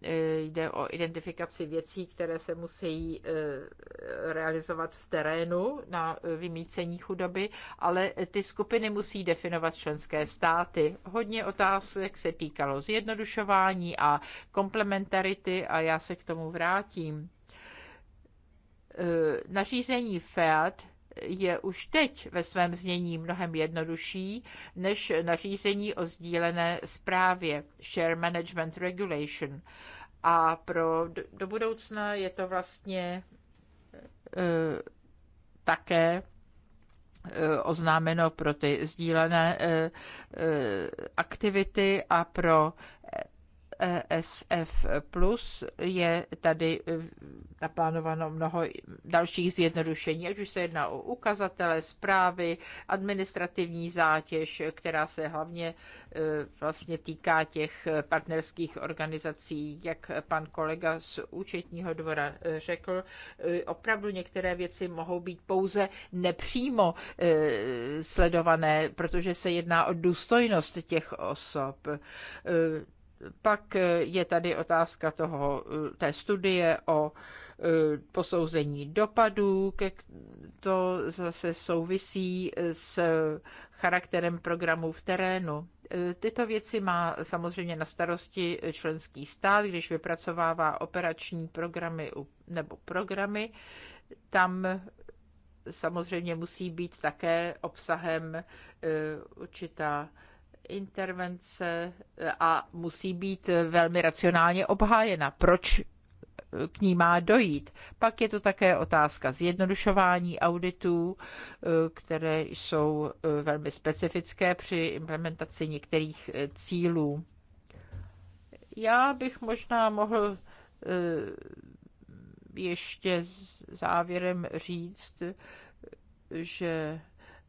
[SPEAKER 1] E, jde o identifikaci věcí, které se musí e, realizovat v terénu na vymícení chudoby, ale ty skupiny musí definovat členské státy. Hodně otázek se týkalo zjednodušování a komplementarity a já se k tomu vrátím. E, nařízení FEAD je už teď ve svém znění mnohem jednodušší než nařízení o sdílené zprávě Share Management Regulation. A pro do budoucna je to vlastně e, také e, oznámeno pro ty sdílené e, e, aktivity a pro ESF+, plus je tady e, naplánováno mnoho dalších zjednodušení, ať už se jedná o ukazatele, zprávy, administrativní zátěž, která se hlavně e, vlastně týká těch partnerských organizací, jak pan kolega z účetního dvora e, řekl, opravdu některé věci mohou být pouze nepřímo sledované, protože se jedná o důstojnost těch osob. Pak eh, je tady otázka toho, eh, té studie o eh, posouzení dopadů, to zase souvisí s charakterem programů v terénu. Tyto věci má samozřejmě na starosti členský stát, když vypracovává operační programy nebo programy. Tam samozřejmě musí být také obsahem určitá intervence eh, a musí být eh, velmi racionálně obhájena. Proč eh, k ní má dojít. Pak je to také otázka zjednodušování auditů, které jsou velmi specifické při implementaci některých cílů. Já bych možná mohl ještě závěrem říct, že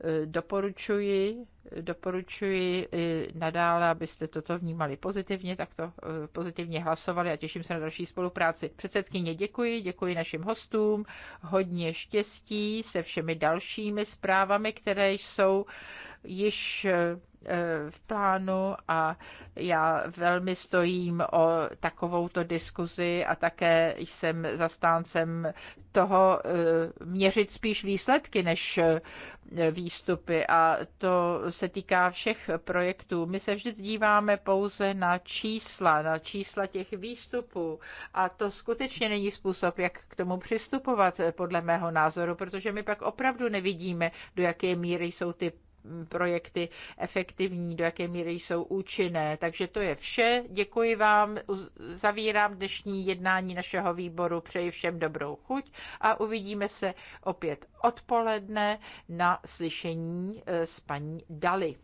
[SPEAKER 1] Eh, doporučuji, eh, doporučuji i eh, nadále, abyste toto vnímali pozitivně, tak to pozitivně hlasovali a těším se na další spolupráci. Předsedkyně děkuji, děkuji našim hostům, hodně štěstí se všemi dalšími zprávami, které jsou již Eh, v plánu a já velmi stojím o takovouto diskuzi a také jsem zastáncem toho eh, měřit spíš výsledky než eh, výstupy a to se týká všech projektů. My se vždy díváme pouze na čísla, na čísla těch výstupů a to skutečně není způsob, jak k tomu přistupovat podle mého názoru, protože my pak opravdu nevidíme, do jaké míry jsou ty projekty efektivní, do jaké míry jsou účinné. Takže to je vše. Děkuji vám. Zavírám dnešní jednání našeho výboru. Přeji všem dobrou chuť a uvidíme se opět odpoledne na slyšení eh, s paní Dali.